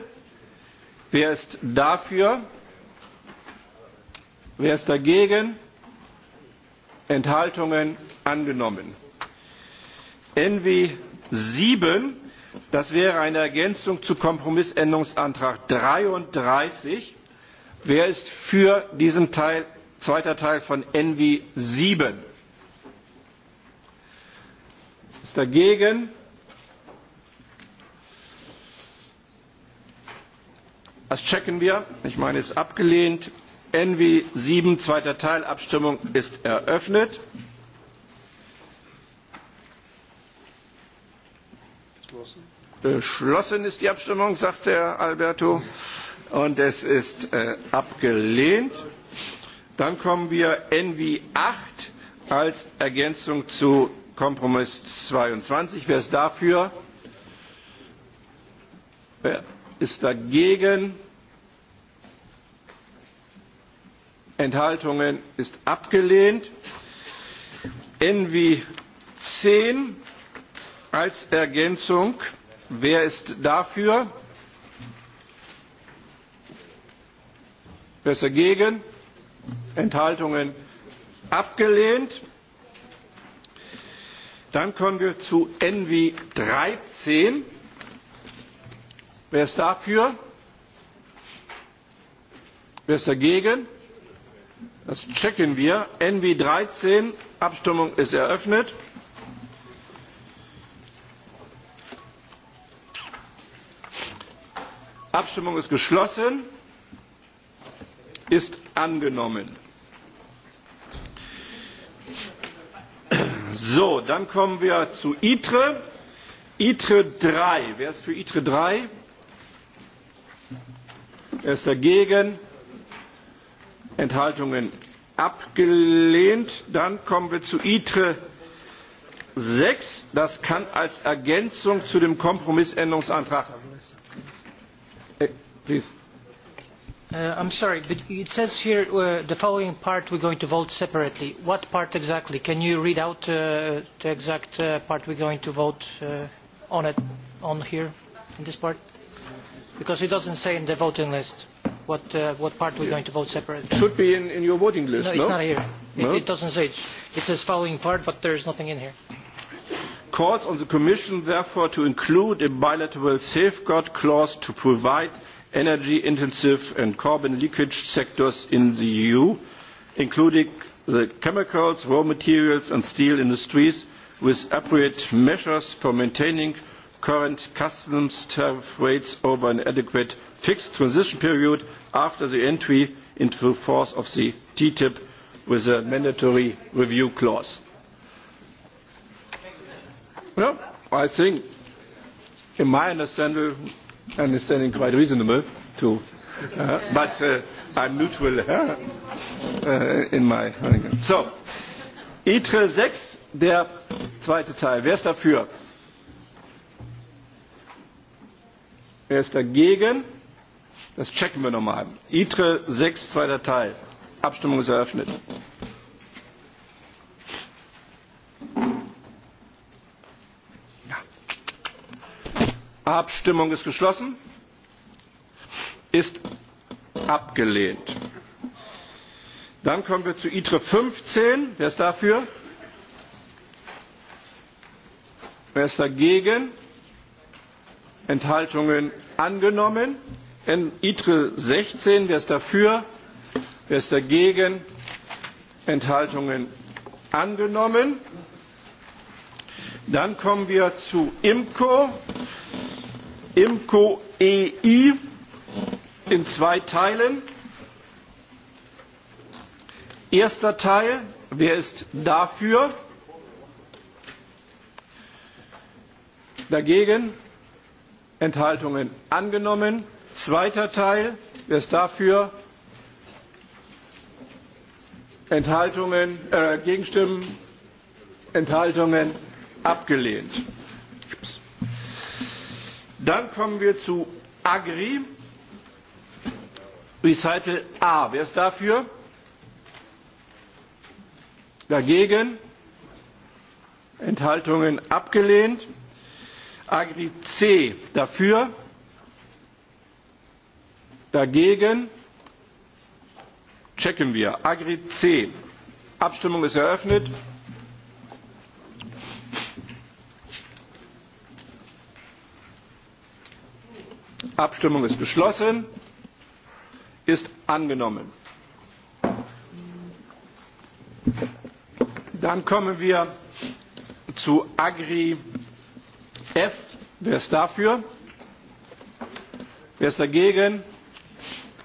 wer ist dafür wer ist dagegen enthaltungen angenommen. envi sieben das wäre eine ergänzung zu kompromissänderungsantrag dreiunddreißig Wer ist für diesen Teil, zweiter Teil von Envy 7? Ist dagegen? Das checken wir. Ich meine, es ist abgelehnt. Envy 7, zweiter Teil, Abstimmung ist eröffnet. Geschlossen ist die Abstimmung, sagt Herr Alberto und es ist äh, abgelehnt. Dann kommen wir NV 8 als Ergänzung zu Kompromiss 22. Wer ist dafür? Wer ist dagegen? Enthaltungen ist abgelehnt. NV 10 als Ergänzung. Wer ist dafür? Wer gegen. Enthaltungen abgelehnt. Dann kommen wir zu Envi 13. Wer ist dafür? Wer ist dagegen? Das checken wir. Envi 13. Abstimmung ist eröffnet. Abstimmung ist geschlossen ist angenommen. So, dann kommen wir zu ITRE. ITRE 3. Wer ist für ITRE 3? Wer ist dagegen? Enthaltungen abgelehnt. Dann kommen wir zu ITRE 6. Das kann als Ergänzung zu dem Kompromissänderungsantrag. Hey, äh, please. Uh, I'm sorry, but it says here uh, the following part we're going to vote separately. What part exactly? Can you read out uh, the exact uh, part we're going to vote uh, on it, on here, in this part? Because it doesn't say in the voting list what, uh, what part we're yeah. going to vote separately. It should be in, in your voting list, no? it's no? not here. It, no? it doesn't say. It. it says following part, but there's nothing in here calls on the commission therefore to include a bilateral safeguard clause to provide energy intensive and carbon leakage sectors in the eu including the chemicals raw materials and steel industries with appropriate measures for maintaining current customs tariff rates over an adequate fixed transition period after the entry into force of the ttip with a mandatory review clause. Well, i think in my understanding understanding quite reasonable too. Uh, but uh, I'm neutral uh, uh, in my. So, ITRE 6, der zweite Teil. Wer ist dafür? Wer ist dagegen? Das checken wir nochmal. ITRE 6, zweiter Teil. Abstimmung ist eröffnet. abstimmung ist geschlossen ist abgelehnt. dann kommen wir zu itre fünfzehn wer ist dafür? wer ist dagegen? enthaltungen angenommen. itre sechzehn wer ist dafür? wer ist dagegen? enthaltungen angenommen. dann kommen wir zu imco Imco EI in zwei Teilen. Erster Teil, wer ist dafür? Dagegen? Enthaltungen angenommen. Zweiter Teil, wer ist dafür? Enthaltungen, äh, Gegenstimmen, Enthaltungen abgelehnt. Ups. Dann kommen wir zu Agri, Recital A. Wer ist dafür? Dagegen? Enthaltungen abgelehnt. Agri C dafür, dagegen checken wir. Agri C. Abstimmung ist eröffnet. abstimmung ist geschlossen ist angenommen. dann kommen wir zu agri f wer ist dafür? wer ist dagegen?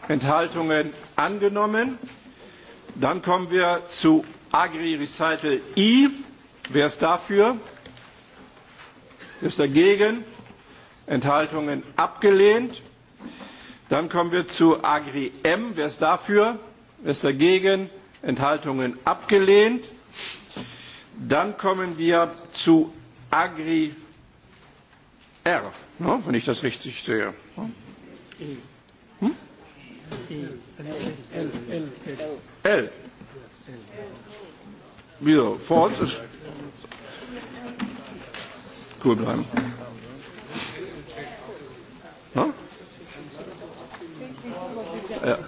enthaltungen angenommen. dann kommen wir zu agri recital i wer ist dafür? wer ist dagegen? Enthaltungen abgelehnt. Dann kommen wir zu Agri M. Wer ist dafür? Wer ist dagegen? Enthaltungen abgelehnt. Dann kommen wir zu Agri R, ne, wenn ich das richtig sehe. Hm? L. Wieso? False ist. Cool bleiben. No? Yeah.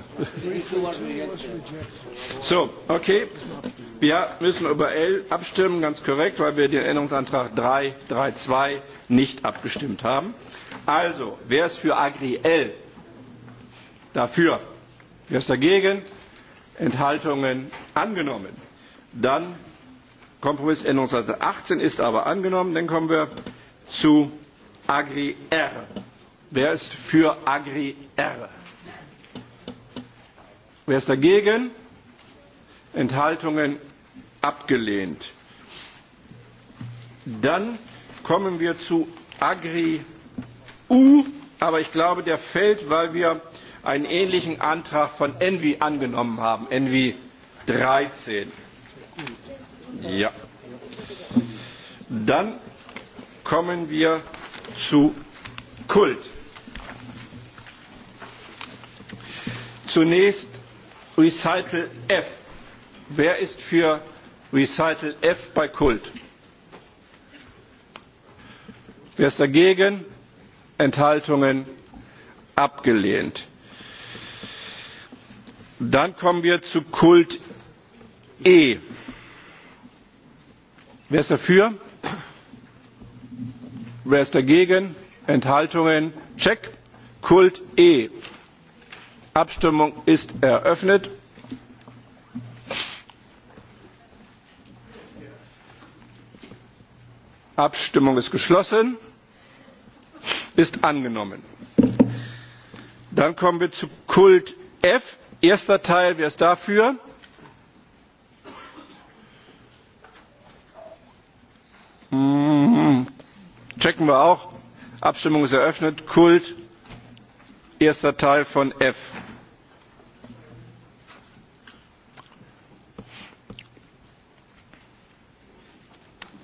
So, okay. Wir müssen über L abstimmen, ganz korrekt, weil wir den Änderungsantrag 332 nicht abgestimmt haben. Also, wer ist für Agri L? Dafür. Wer ist dagegen? Enthaltungen angenommen. Dann Kompromissänderungsantrag 18 ist aber angenommen. Dann kommen wir zu Agri R. Wer ist für Agri R? Wer ist dagegen? Enthaltungen abgelehnt. Dann kommen wir zu Agri U, aber ich glaube, der fällt, weil wir einen ähnlichen Antrag von Envi angenommen haben. Envi 13. Ja. Dann kommen wir zu Kult. zunächst Recital f wer ist für Recital f bei kult? wer ist dagegen? enthaltungen? abgelehnt. dann kommen wir zu kult e. wer ist dafür? wer ist dagegen? enthaltungen? check. kult e abstimmung ist eröffnet. abstimmung ist geschlossen. ist angenommen. dann kommen wir zu kult f erster teil wer ist dafür? Mhm. checken wir auch. abstimmung ist eröffnet. kult erster teil von f.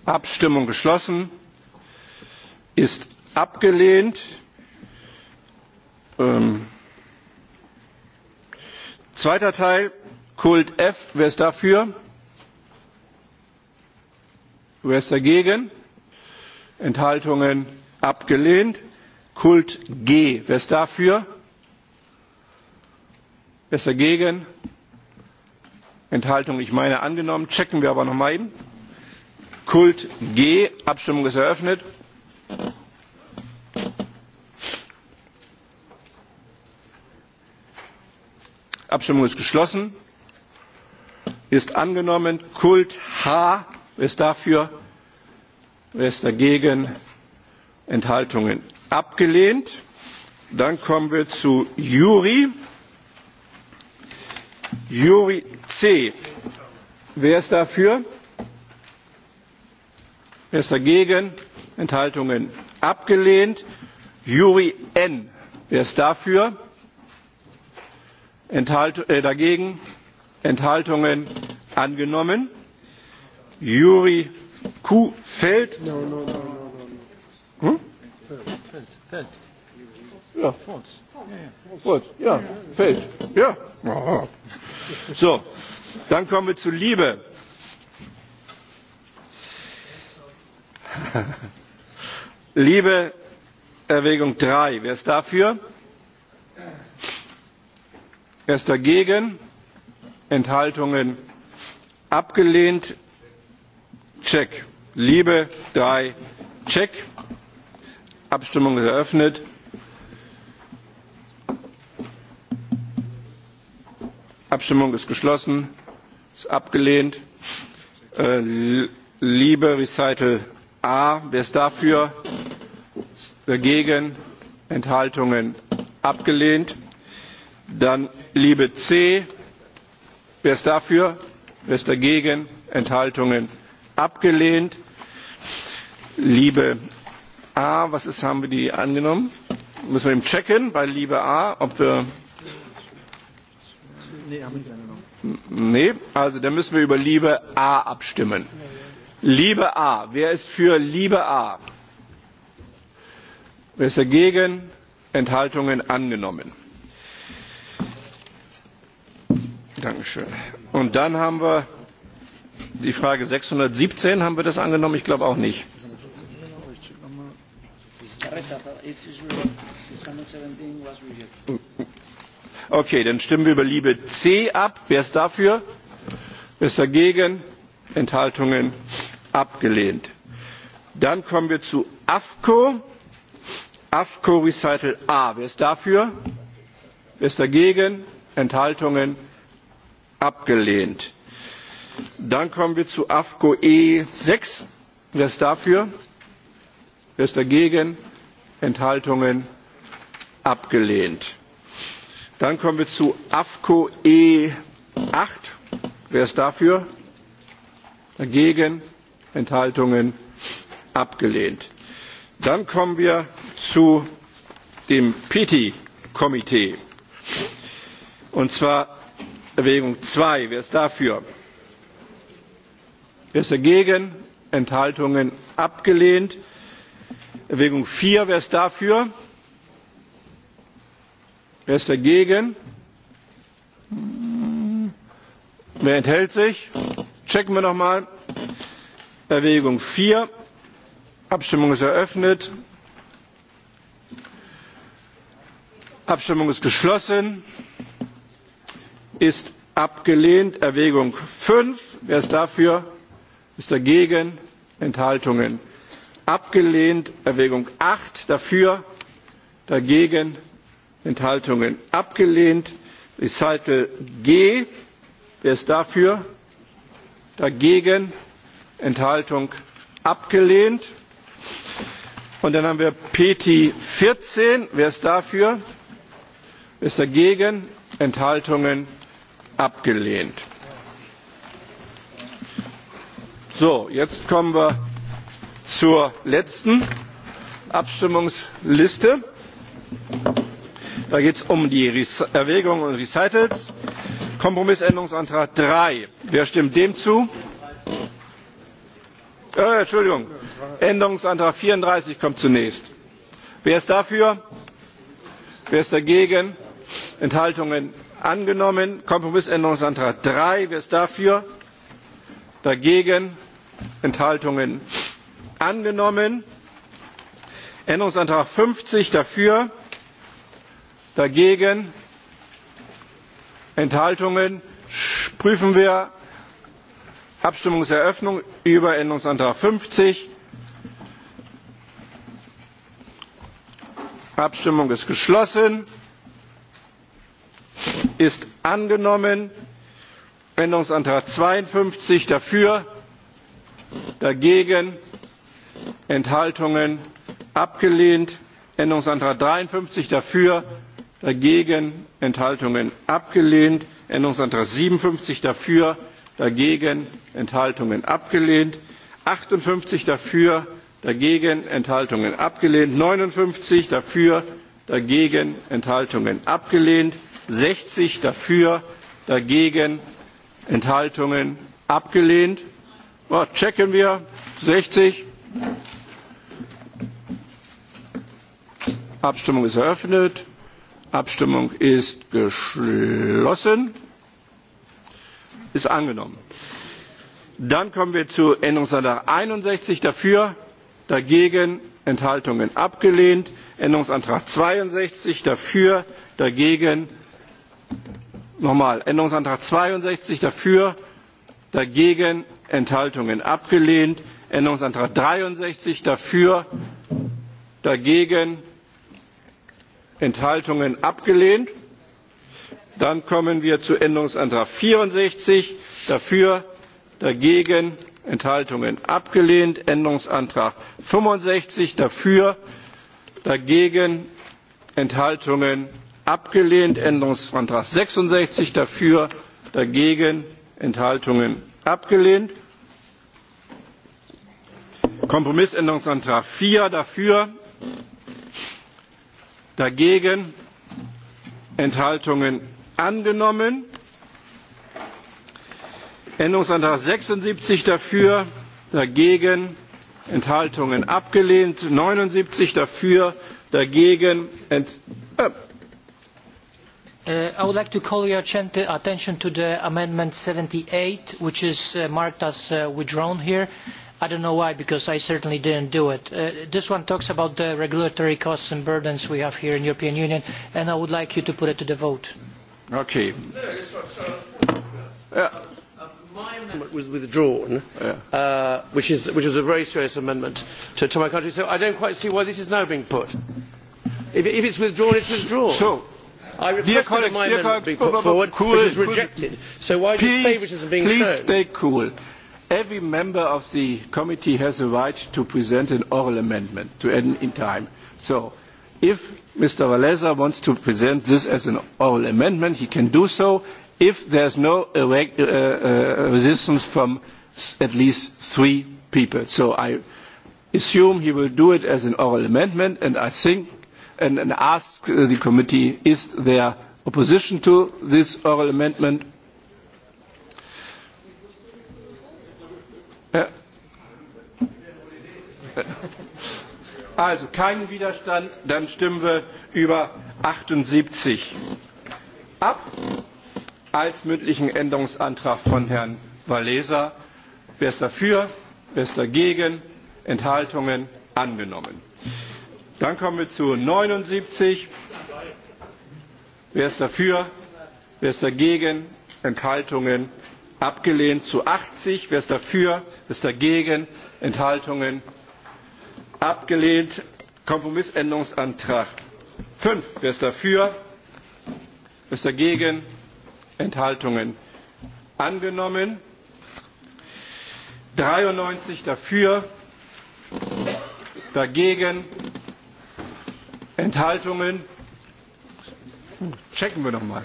abstimmung geschlossen ist abgelehnt. Ähm, zweiter teil kult f wer ist dafür? wer ist dagegen? enthaltungen abgelehnt. Kult G. Wer ist dafür? Wer ist dagegen? Enthaltung, ich meine, angenommen. Checken wir aber noch mal eben. Kult G. Abstimmung ist eröffnet. Abstimmung ist geschlossen. Ist angenommen. Kult H. Wer ist dafür? Wer ist dagegen? Enthaltungen abgelehnt. dann kommen wir zu juri juri c. wer ist dafür? wer ist dagegen? enthaltungen abgelehnt. juri n. wer ist dafür? Enthalt, äh, dagegen enthaltungen angenommen. juri q fällt. No, no, no. Ja. Fons. Gut, ja, Feld. Ja. So, dann kommen wir zu Liebe. Liebe Erwägung 3. Wer ist dafür? Wer ist dagegen? Enthaltungen abgelehnt. Check. Liebe 3. Check abstimmung ist eröffnet. abstimmung ist geschlossen. ist abgelehnt. Äh, liebe recital a wer ist dafür? dagegen? enthaltungen? abgelehnt. dann liebe c wer ist dafür? wer ist dagegen? enthaltungen? abgelehnt. liebe a, was ist, haben wir die angenommen? Müssen wir eben checken bei Liebe A, ob wir. Nee, haben wir nicht angenommen. Nee, also dann müssen wir über Liebe A abstimmen. Liebe A, wer ist für Liebe A? Wer ist dagegen? Enthaltungen angenommen. Dankeschön. Und dann haben wir die Frage 617, haben wir das angenommen? Ich glaube auch nicht. Okay, dann stimmen wir über Liebe C ab. Wer ist dafür? Wer ist dagegen? Enthaltungen abgelehnt. Dann kommen wir zu AFCO. AFCO Recital A. Wer ist dafür? Wer ist dagegen? Enthaltungen abgelehnt. Dann kommen wir zu AFCO E6. Wer ist dafür? Wer ist dagegen? enthaltungen abgelehnt. dann kommen wir zu afco e 8 wer ist dafür? dagegen enthaltungen abgelehnt. dann kommen wir zu dem piti komitee und zwar erwägung 2. wer ist dafür? wer ist dagegen? enthaltungen abgelehnt erwägung vier wer ist dafür? wer ist dagegen? Hm, wer enthält sich? checken wir noch mal. erwägung vier abstimmung ist eröffnet. abstimmung ist geschlossen. ist abgelehnt. erwägung fünf wer ist dafür? ist dagegen? enthaltungen? abgelehnt; erwägung acht dafür dagegen enthaltungen abgelehnt; erwägung g wer ist dafür? dagegen enthaltung abgelehnt. und dann haben wir peti vierzehn wer ist dafür? wer ist dagegen? enthaltungen abgelehnt. So, jetzt kommen wir zur letzten abstimmungsliste da geht es um die erwägungen und recitals kompromissänderungsantrag drei wer stimmt dem zu? Äh, entschuldigung änderungsantrag vierunddreißig kommt zunächst. wer ist dafür? wer ist dagegen? enthaltungen angenommen. kompromissänderungsantrag drei wer ist dafür? dagegen? enthaltungen angenommen; änderungsantrag fünfzig dafür dagegen enthaltungen prüfen wir. abstimmungseröffnung über änderungsantrag. fünfzig abstimmung ist geschlossen. ist angenommen. änderungsantrag zweiundfünfzig dafür dagegen enthaltungen abgelehnt; änderungsantrag dreiundfünfzig dafür dagegen enthaltungen abgelehnt; änderungsantrag siebenundfünfzig dafür dagegen enthaltungen abgelehnt; achtundfünfzig dafür dagegen enthaltungen abgelehnt; neunundfünfzig dafür dagegen enthaltungen abgelehnt; sechzig dafür dagegen enthaltungen abgelehnt. Oh, checken wir sechzig Abstimmung ist eröffnet. Abstimmung ist geschlossen. Ist angenommen. Dann kommen wir zu Änderungsantrag 61 dafür, dagegen, Enthaltungen abgelehnt. Änderungsantrag 62 dafür, dagegen, nochmal, Änderungsantrag 62 dafür, dagegen, Enthaltungen abgelehnt. Änderungsantrag 63 dafür, dagegen, enthaltungen abgelehnt. dann kommen wir zu änderungsantrag vierundsechzig dafür dagegen enthaltungen abgelehnt; änderungsantrag fünfundsechzig dafür dagegen enthaltungen abgelehnt; änderungsantrag sechsundsechzig dafür dagegen enthaltungen abgelehnt; kompromissänderungsantrag vier dafür dagegen enthaltungen angenommen änderungsantrag sechsundsiebzig dafür dagegen enthaltungen abgelehnt neunundsiebzig dafür dagegen Ent äh. Uh, I would like to call your attention to the amendment 78, which is uh, marked as uh, withdrawn here. I don't know why, because I certainly didn't do it. Uh, this one talks about the regulatory costs and burdens we have here in the European Union, and I would like you to put it to the vote. Okay. Yeah. My um, amendment was withdrawn, yeah. uh, which, is, which is a very serious amendment to, to my country, so I don't quite see why this is now being put. If, if it's withdrawn, it's withdrawn. So, I requested my amendment be put forward, but which is rejected. So why do you favouritism being please shown? Please stay cool every member of the committee has a right to present an oral amendment to end in time. So if Mr. Valeza wants to present this as an oral amendment, he can do so if there is no uh, uh, resistance from at least three people. So I assume he will do it as an oral amendment, and I think and, and ask the committee, is there opposition to this oral amendment also keinen widerstand dann stimmen wir über achtundsiebzig ab als mündlichen änderungsantrag von herrn wasa. wer ist dafür? wer ist dagegen? enthaltungen? angenommen. dann kommen wir zu neunundsiebzig wer ist dafür? wer ist dagegen? enthaltungen? abgelehnt. zu achtzig wer ist dafür? wer ist dagegen? enthaltungen? abgelehnt; kompromissänderungsantrag fünf wer ist dafür? wer ist dagegen? enthaltungen? angenommen; dreiundneunzig dafür dagegen enthaltungen checken wir noch mal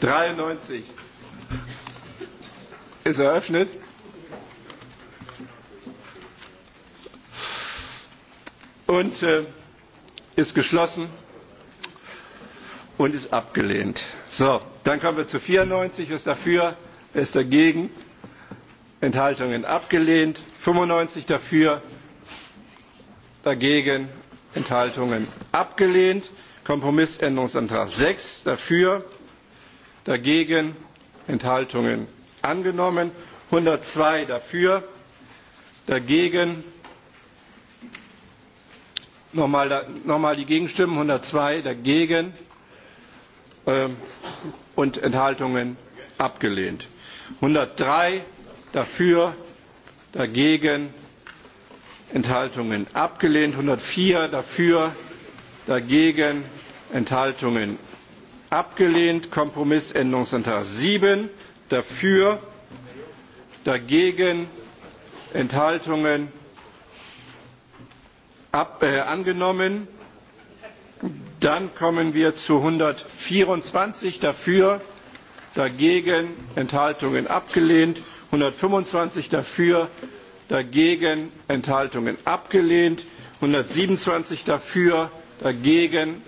93 ist eröffnet und äh, ist geschlossen und ist abgelehnt. So, dann kommen wir zu 94. Wer ist dafür? Wer ist dagegen? Enthaltungen abgelehnt. 95 dafür, dagegen, Enthaltungen abgelehnt. Kompromissänderungsantrag 6 dafür, dagegen, Enthaltungen angenommen. 102 dafür, dagegen, da, nochmal, die Gegenstimmen 102 dagegen ähm, und Enthaltungen abgelehnt. 103 dafür, dagegen, Enthaltungen abgelehnt. 104 dafür, dagegen, Enthaltungen abgelehnt. Kompromissänderungsantrag sieben dafür, dagegen, Enthaltungen Äh, angenommen. Dann kommen wir zu einhundertvierundzwanzig dafür, dagegen, Enthaltungen abgelehnt. einhundertfünfundzwanzig dafür, dagegen, Enthaltungen abgelehnt. einhundertsiebenundzwanzig dafür, dagegen,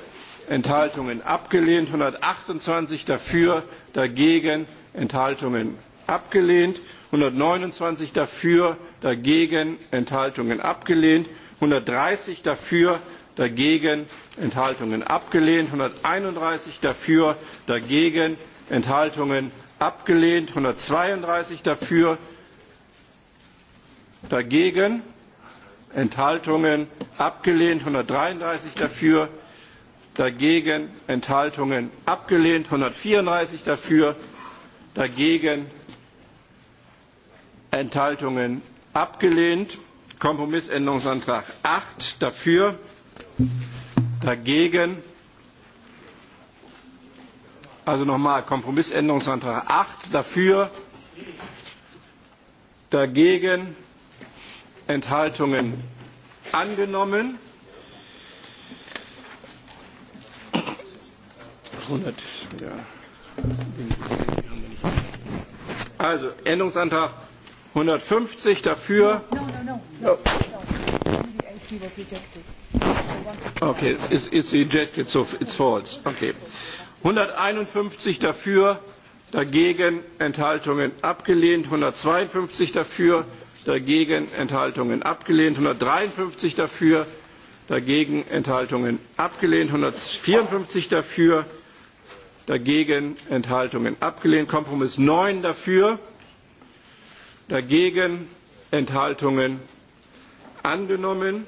Enthaltungen abgelehnt. einhundertachtundzwanzig dafür, dagegen, Enthaltungen abgelehnt. einhundertneunundzwanzig dafür, dagegen, Enthaltungen abgelehnt einhundertdreißig dafür dagegen enthaltungen abgelehnt; einhunderteinunddreißig dafür dagegen enthaltungen abgelehnt; einhundertzweiunddreißig dafür dagegen enthaltungen abgelehnt; einhundertdreiunddreißig dafür dagegen enthaltungen abgelehnt; einhundertvierunddreißig dafür dagegen enthaltungen abgelehnt; Kompromissänderungsantrag acht dafür, dagegen. Also nochmal, Kompromissänderungsantrag acht dafür, dagegen, Enthaltungen angenommen. 100, ja. Also Änderungsantrag 150 dafür. No, no, no, oh. okay, it's, it's ejected, so it's false. Okay. 151 dafür, dagegen Enthaltungen abgelehnt. 152 dafür, dagegen Enthaltungen abgelehnt. 153 dafür, dagegen Enthaltungen abgelehnt. 154 dafür, dagegen Enthaltungen abgelehnt. Kompromiss 9 dafür dagegen enthaltungen angenommen.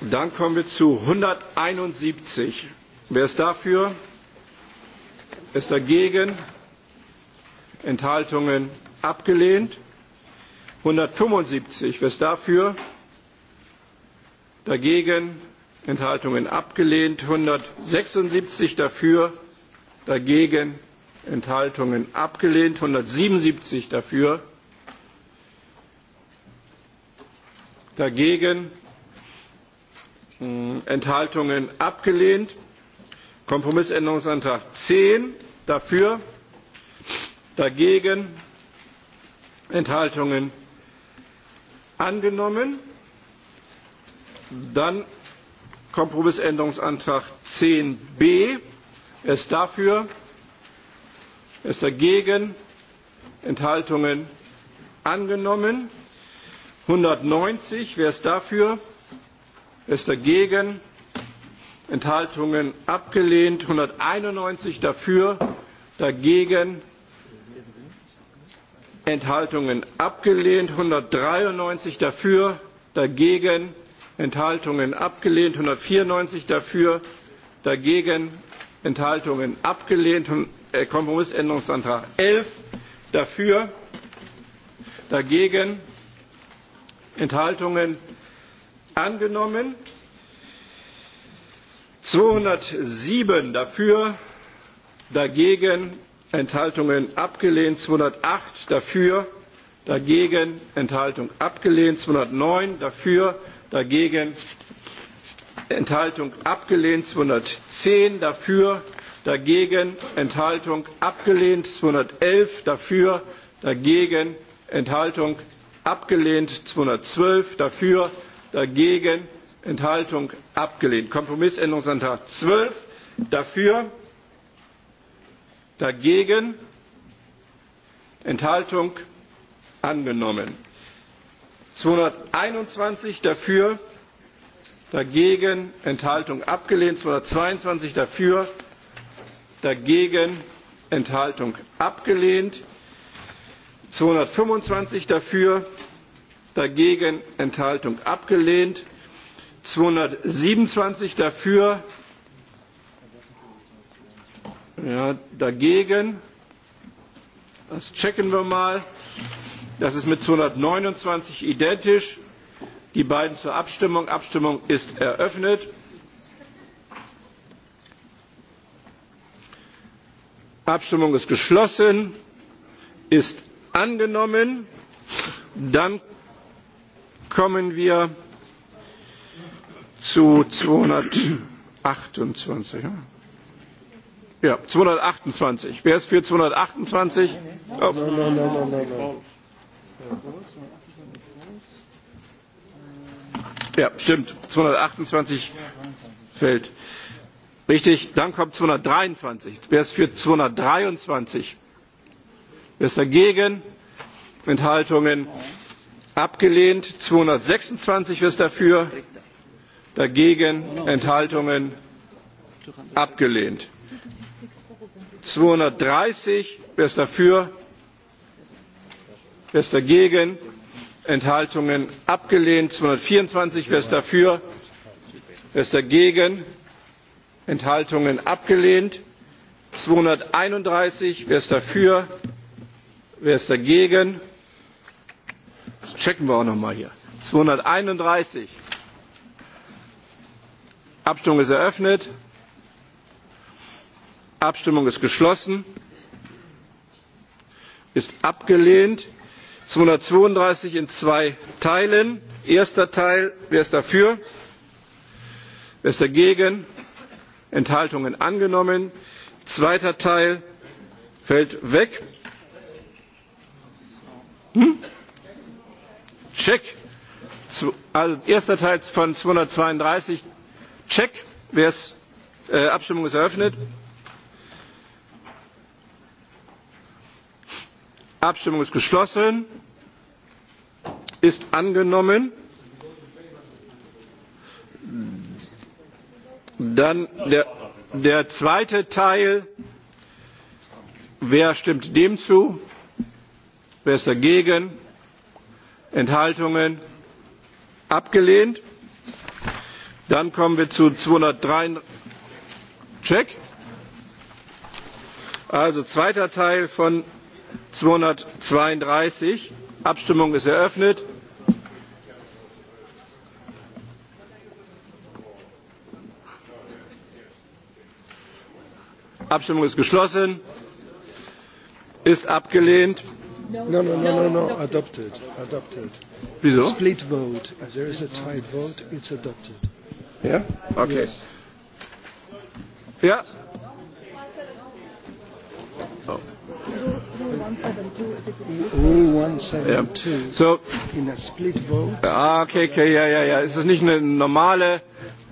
dann kommen wir zu 171. wer ist dafür? wer ist dagegen? enthaltungen abgelehnt. 175 wer ist dafür? dagegen enthaltungen abgelehnt. 176 dafür dagegen Enthaltungen abgelehnt, 177 dafür, dagegen hm, Enthaltungen abgelehnt. Kompromissänderungsantrag 10 dafür, dagegen Enthaltungen angenommen. Dann Kompromissänderungsantrag 10b Er ist dafür? er ist dagegen? Enthaltungen angenommen. 190. Wer ist dafür? Wer ist dagegen? Enthaltungen abgelehnt. 191 dafür, dagegen. Enthaltungen abgelehnt. 193 dafür, dagegen. Enthaltungen abgelehnt. 194 dafür, dagegen. Enthaltungen abgelehnt. Äh, Kompromissänderungsantrag elf dafür, dagegen Enthaltungen angenommen. 207 dafür, dagegen Enthaltungen abgelehnt. 208 dafür, dagegen Enthaltung abgelehnt. 209 dafür, dagegen Enthaltung abgelehnt, 210 dafür, dagegen, Enthaltung abgelehnt, 211 dafür, dagegen, Enthaltung abgelehnt, 212 dafür, dagegen, Enthaltung abgelehnt. Kompromissänderungsantrag 12 dafür, dagegen, Enthaltung angenommen. 221 dafür, dagegen enthaltung abgelehnt 222 dafür dagegen enthaltung abgelehnt 225 dafür dagegen enthaltung abgelehnt 227 dafür ja, dagegen das checken wir mal das ist mit 229 identisch die beiden zur Abstimmung. Abstimmung ist eröffnet. Abstimmung ist geschlossen. Ist angenommen. Dann kommen wir zu 228. Ja, 228. Wer ist für 228? Oh. No, no, no, zweihundertachtundzwanzig fällt. Richtig. Dann kommt zweihundertdreiundzwanzig Wer ist für zweihundertdreiundzwanzig Wer ist dagegen? Enthaltungen abgelehnt. zweihundertsechsundzwanzig Wer ist dafür? Dagegen? Enthaltungen abgelehnt. zweihundertdreißig Wer ist dafür? Wer ist dagegen? enthaltungen abgelehnt; zweihundertvierundzwanzig wer ist dafür? wer ist dagegen? enthaltungen abgelehnt; zweihunderteinunddreißig wer ist dafür? wer ist dagegen? das checken wir auch noch mal hier. zweihunderteinunddreißig abstimmung ist eröffnet abstimmung ist geschlossen ist abgelehnt; zweihundertzweiunddreißig in zwei teilen. erster teil wer ist dafür? wer ist dagegen? enthaltungen angenommen. zweiter teil fällt weg. Hm? check. Also erster teil von zweihundertzweiunddreißig check. Wer ist, äh, abstimmung ist eröffnet. abstimmung ist geschlossen ist angenommen. dann der, der zweite teil wer stimmt dem zu? wer ist dagegen? enthaltungen? abgelehnt. dann kommen wir zu 203 check also zweiter teil von zweihundertzweiunddreißig die abstimmung ist eröffnet. die abstimmung ist geschlossen. ist abgelehnt. no no no no, no. adopted adopted. wieso? split vote if there is a tied vote it's adopted. yeah? okay. Yes. ja 172 yeah. so, ah, Okay, okay, ja, ja, ja. Es ist nicht eine normale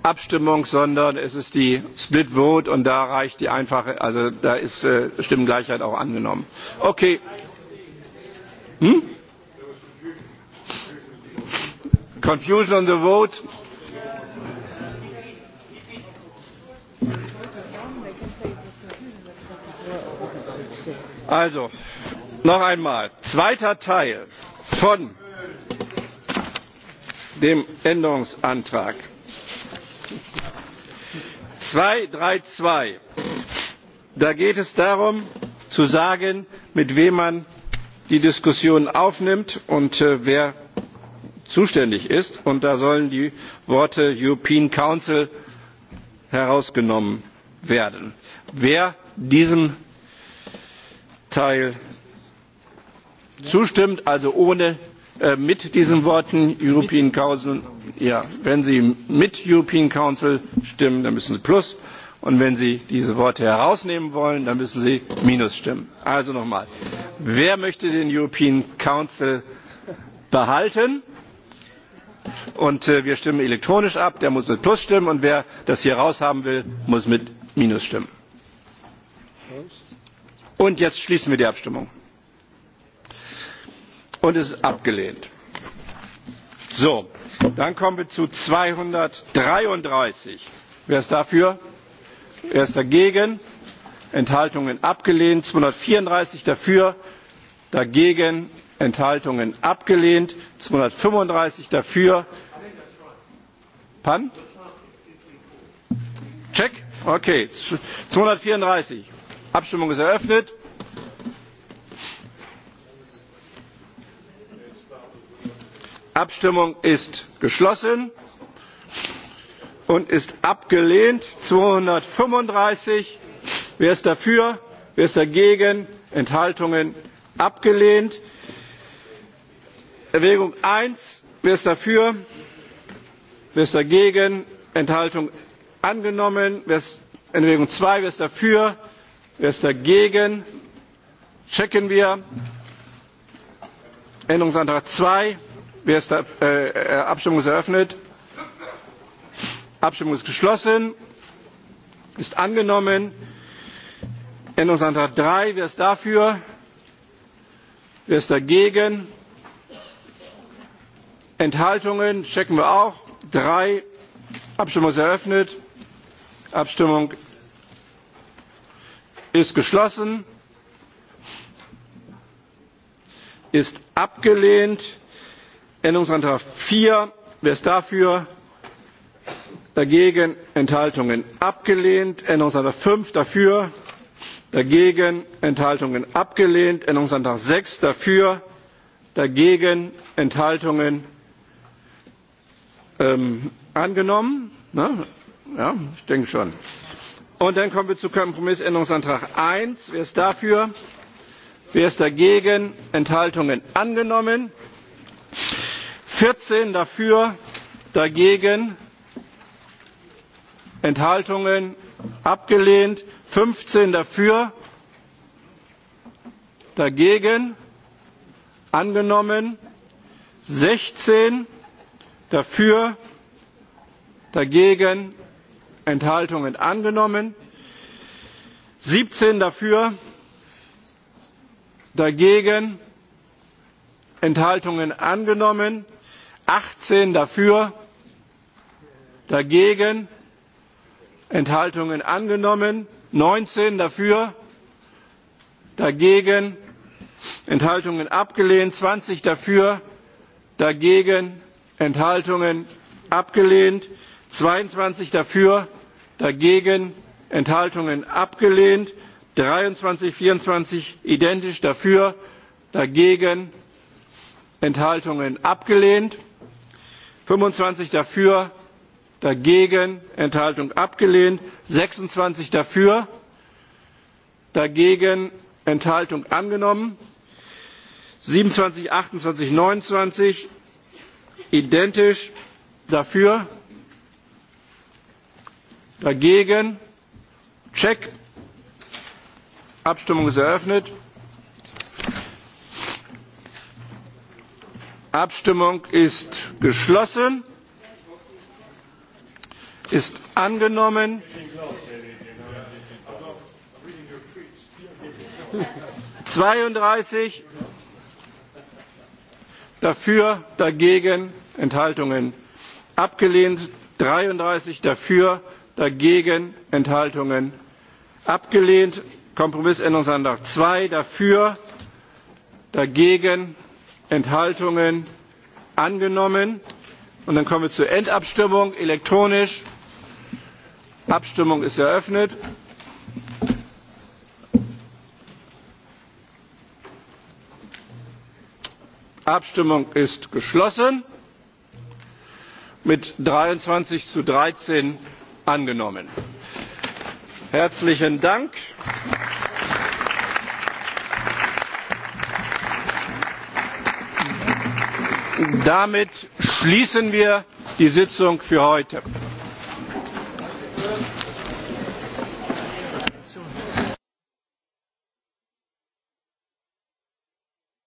Abstimmung, sondern es ist die Split Vote und da reicht die einfache, also da ist äh, Stimmengleichheit auch angenommen. Okay. Hm? Confusion on the vote. Also, noch einmal zweiter teil von dem änderungsantrag zweihundertzweiunddreißig da geht es darum zu sagen mit wem man die diskussion aufnimmt und äh, wer zuständig ist und da sollen die worte european council herausgenommen werden. wer diesem teil zustimmt also ohne äh, mit diesen worten european council ja wenn sie mit european council stimmen dann müssen sie plus und wenn sie diese worte herausnehmen wollen dann müssen sie minus stimmen. also nochmal wer möchte den european council behalten? und äh, wir stimmen elektronisch ab der muss mit plus stimmen und wer das hier raus haben will muss mit minus stimmen. und jetzt schließen wir die abstimmung und ist abgelehnt. So, dann kommen wir zu zweihundertdreiunddreißig wer ist dafür? wer ist dagegen? enthaltungen abgelehnt. zweihundertvierunddreißig dafür dagegen enthaltungen abgelehnt. zweihundertfünfunddreißig dafür pan? check? okay. zweihundertvierunddreißig abstimmung ist eröffnet. abstimmung ist geschlossen und ist abgelehnt. zweihundertfünfunddreißig wer ist dafür wer ist dagegen? enthaltungen? abgelehnt. erwägung eins wer ist dafür? wer ist dagegen? enthaltung? angenommen. erwägung zwei wer ist dafür? wer ist dagegen? checken wir. änderungsantrag zwei wer ist da, äh, äh, abstimmung ist eröffnet abstimmung ist geschlossen ist angenommen änderungsantrag drei wer ist dafür wer ist dagegen enthaltungen checken wir auch drei abstimmung ist eröffnet abstimmung ist geschlossen ist abgelehnt änderungsantrag vier wer ist dafür? dagegen enthaltungen abgelehnt; änderungsantrag fünf dafür dagegen enthaltungen abgelehnt; änderungsantrag sechs dafür dagegen enthaltungen ähm, angenommen ne? ja ich denke schon. und dann kommen wir zu kompromissänderungsantrag eins wer ist dafür? wer ist dagegen? enthaltungen angenommen; vierzehn dafür dagegen enthaltungen abgelehnt fünfzehn dafür dagegen angenommen sechzehn dafür dagegen enthaltungen angenommen siebzehn dafür dagegen enthaltungen angenommen achtzehn dafür dagegen enthaltungen angenommen neunzehn dafür dagegen enthaltungen abgelehnt zwanzig dafür dagegen enthaltungen abgelehnt zweiundzwanzig dafür dagegen enthaltungen abgelehnt dreiundzwanzig vierundzwanzig identisch dafür dagegen enthaltungen abgelehnt fünfundzwanzig dafür dagegen enthaltung abgelehnt; sechsundzwanzig dafür dagegen enthaltung angenommen; siebenundzwanzig achtundzwanzig neunundzwanzig identisch dafür dagegen check abstimmung ist eröffnet. abstimmung ist geschlossen ist angenommen zweiunddreißig dafür dagegen enthaltungen abgelehnt dreiunddreißig dafür dagegen enthaltungen abgelehnt kompromissänderungsantrag zwei dafür dagegen enthaltungen angenommen. und dann kommen wir zur endabstimmung elektronisch. abstimmung ist eröffnet. abstimmung ist geschlossen mit 23 zu 13 angenommen. herzlichen dank! damit schließen wir die sitzung für heute.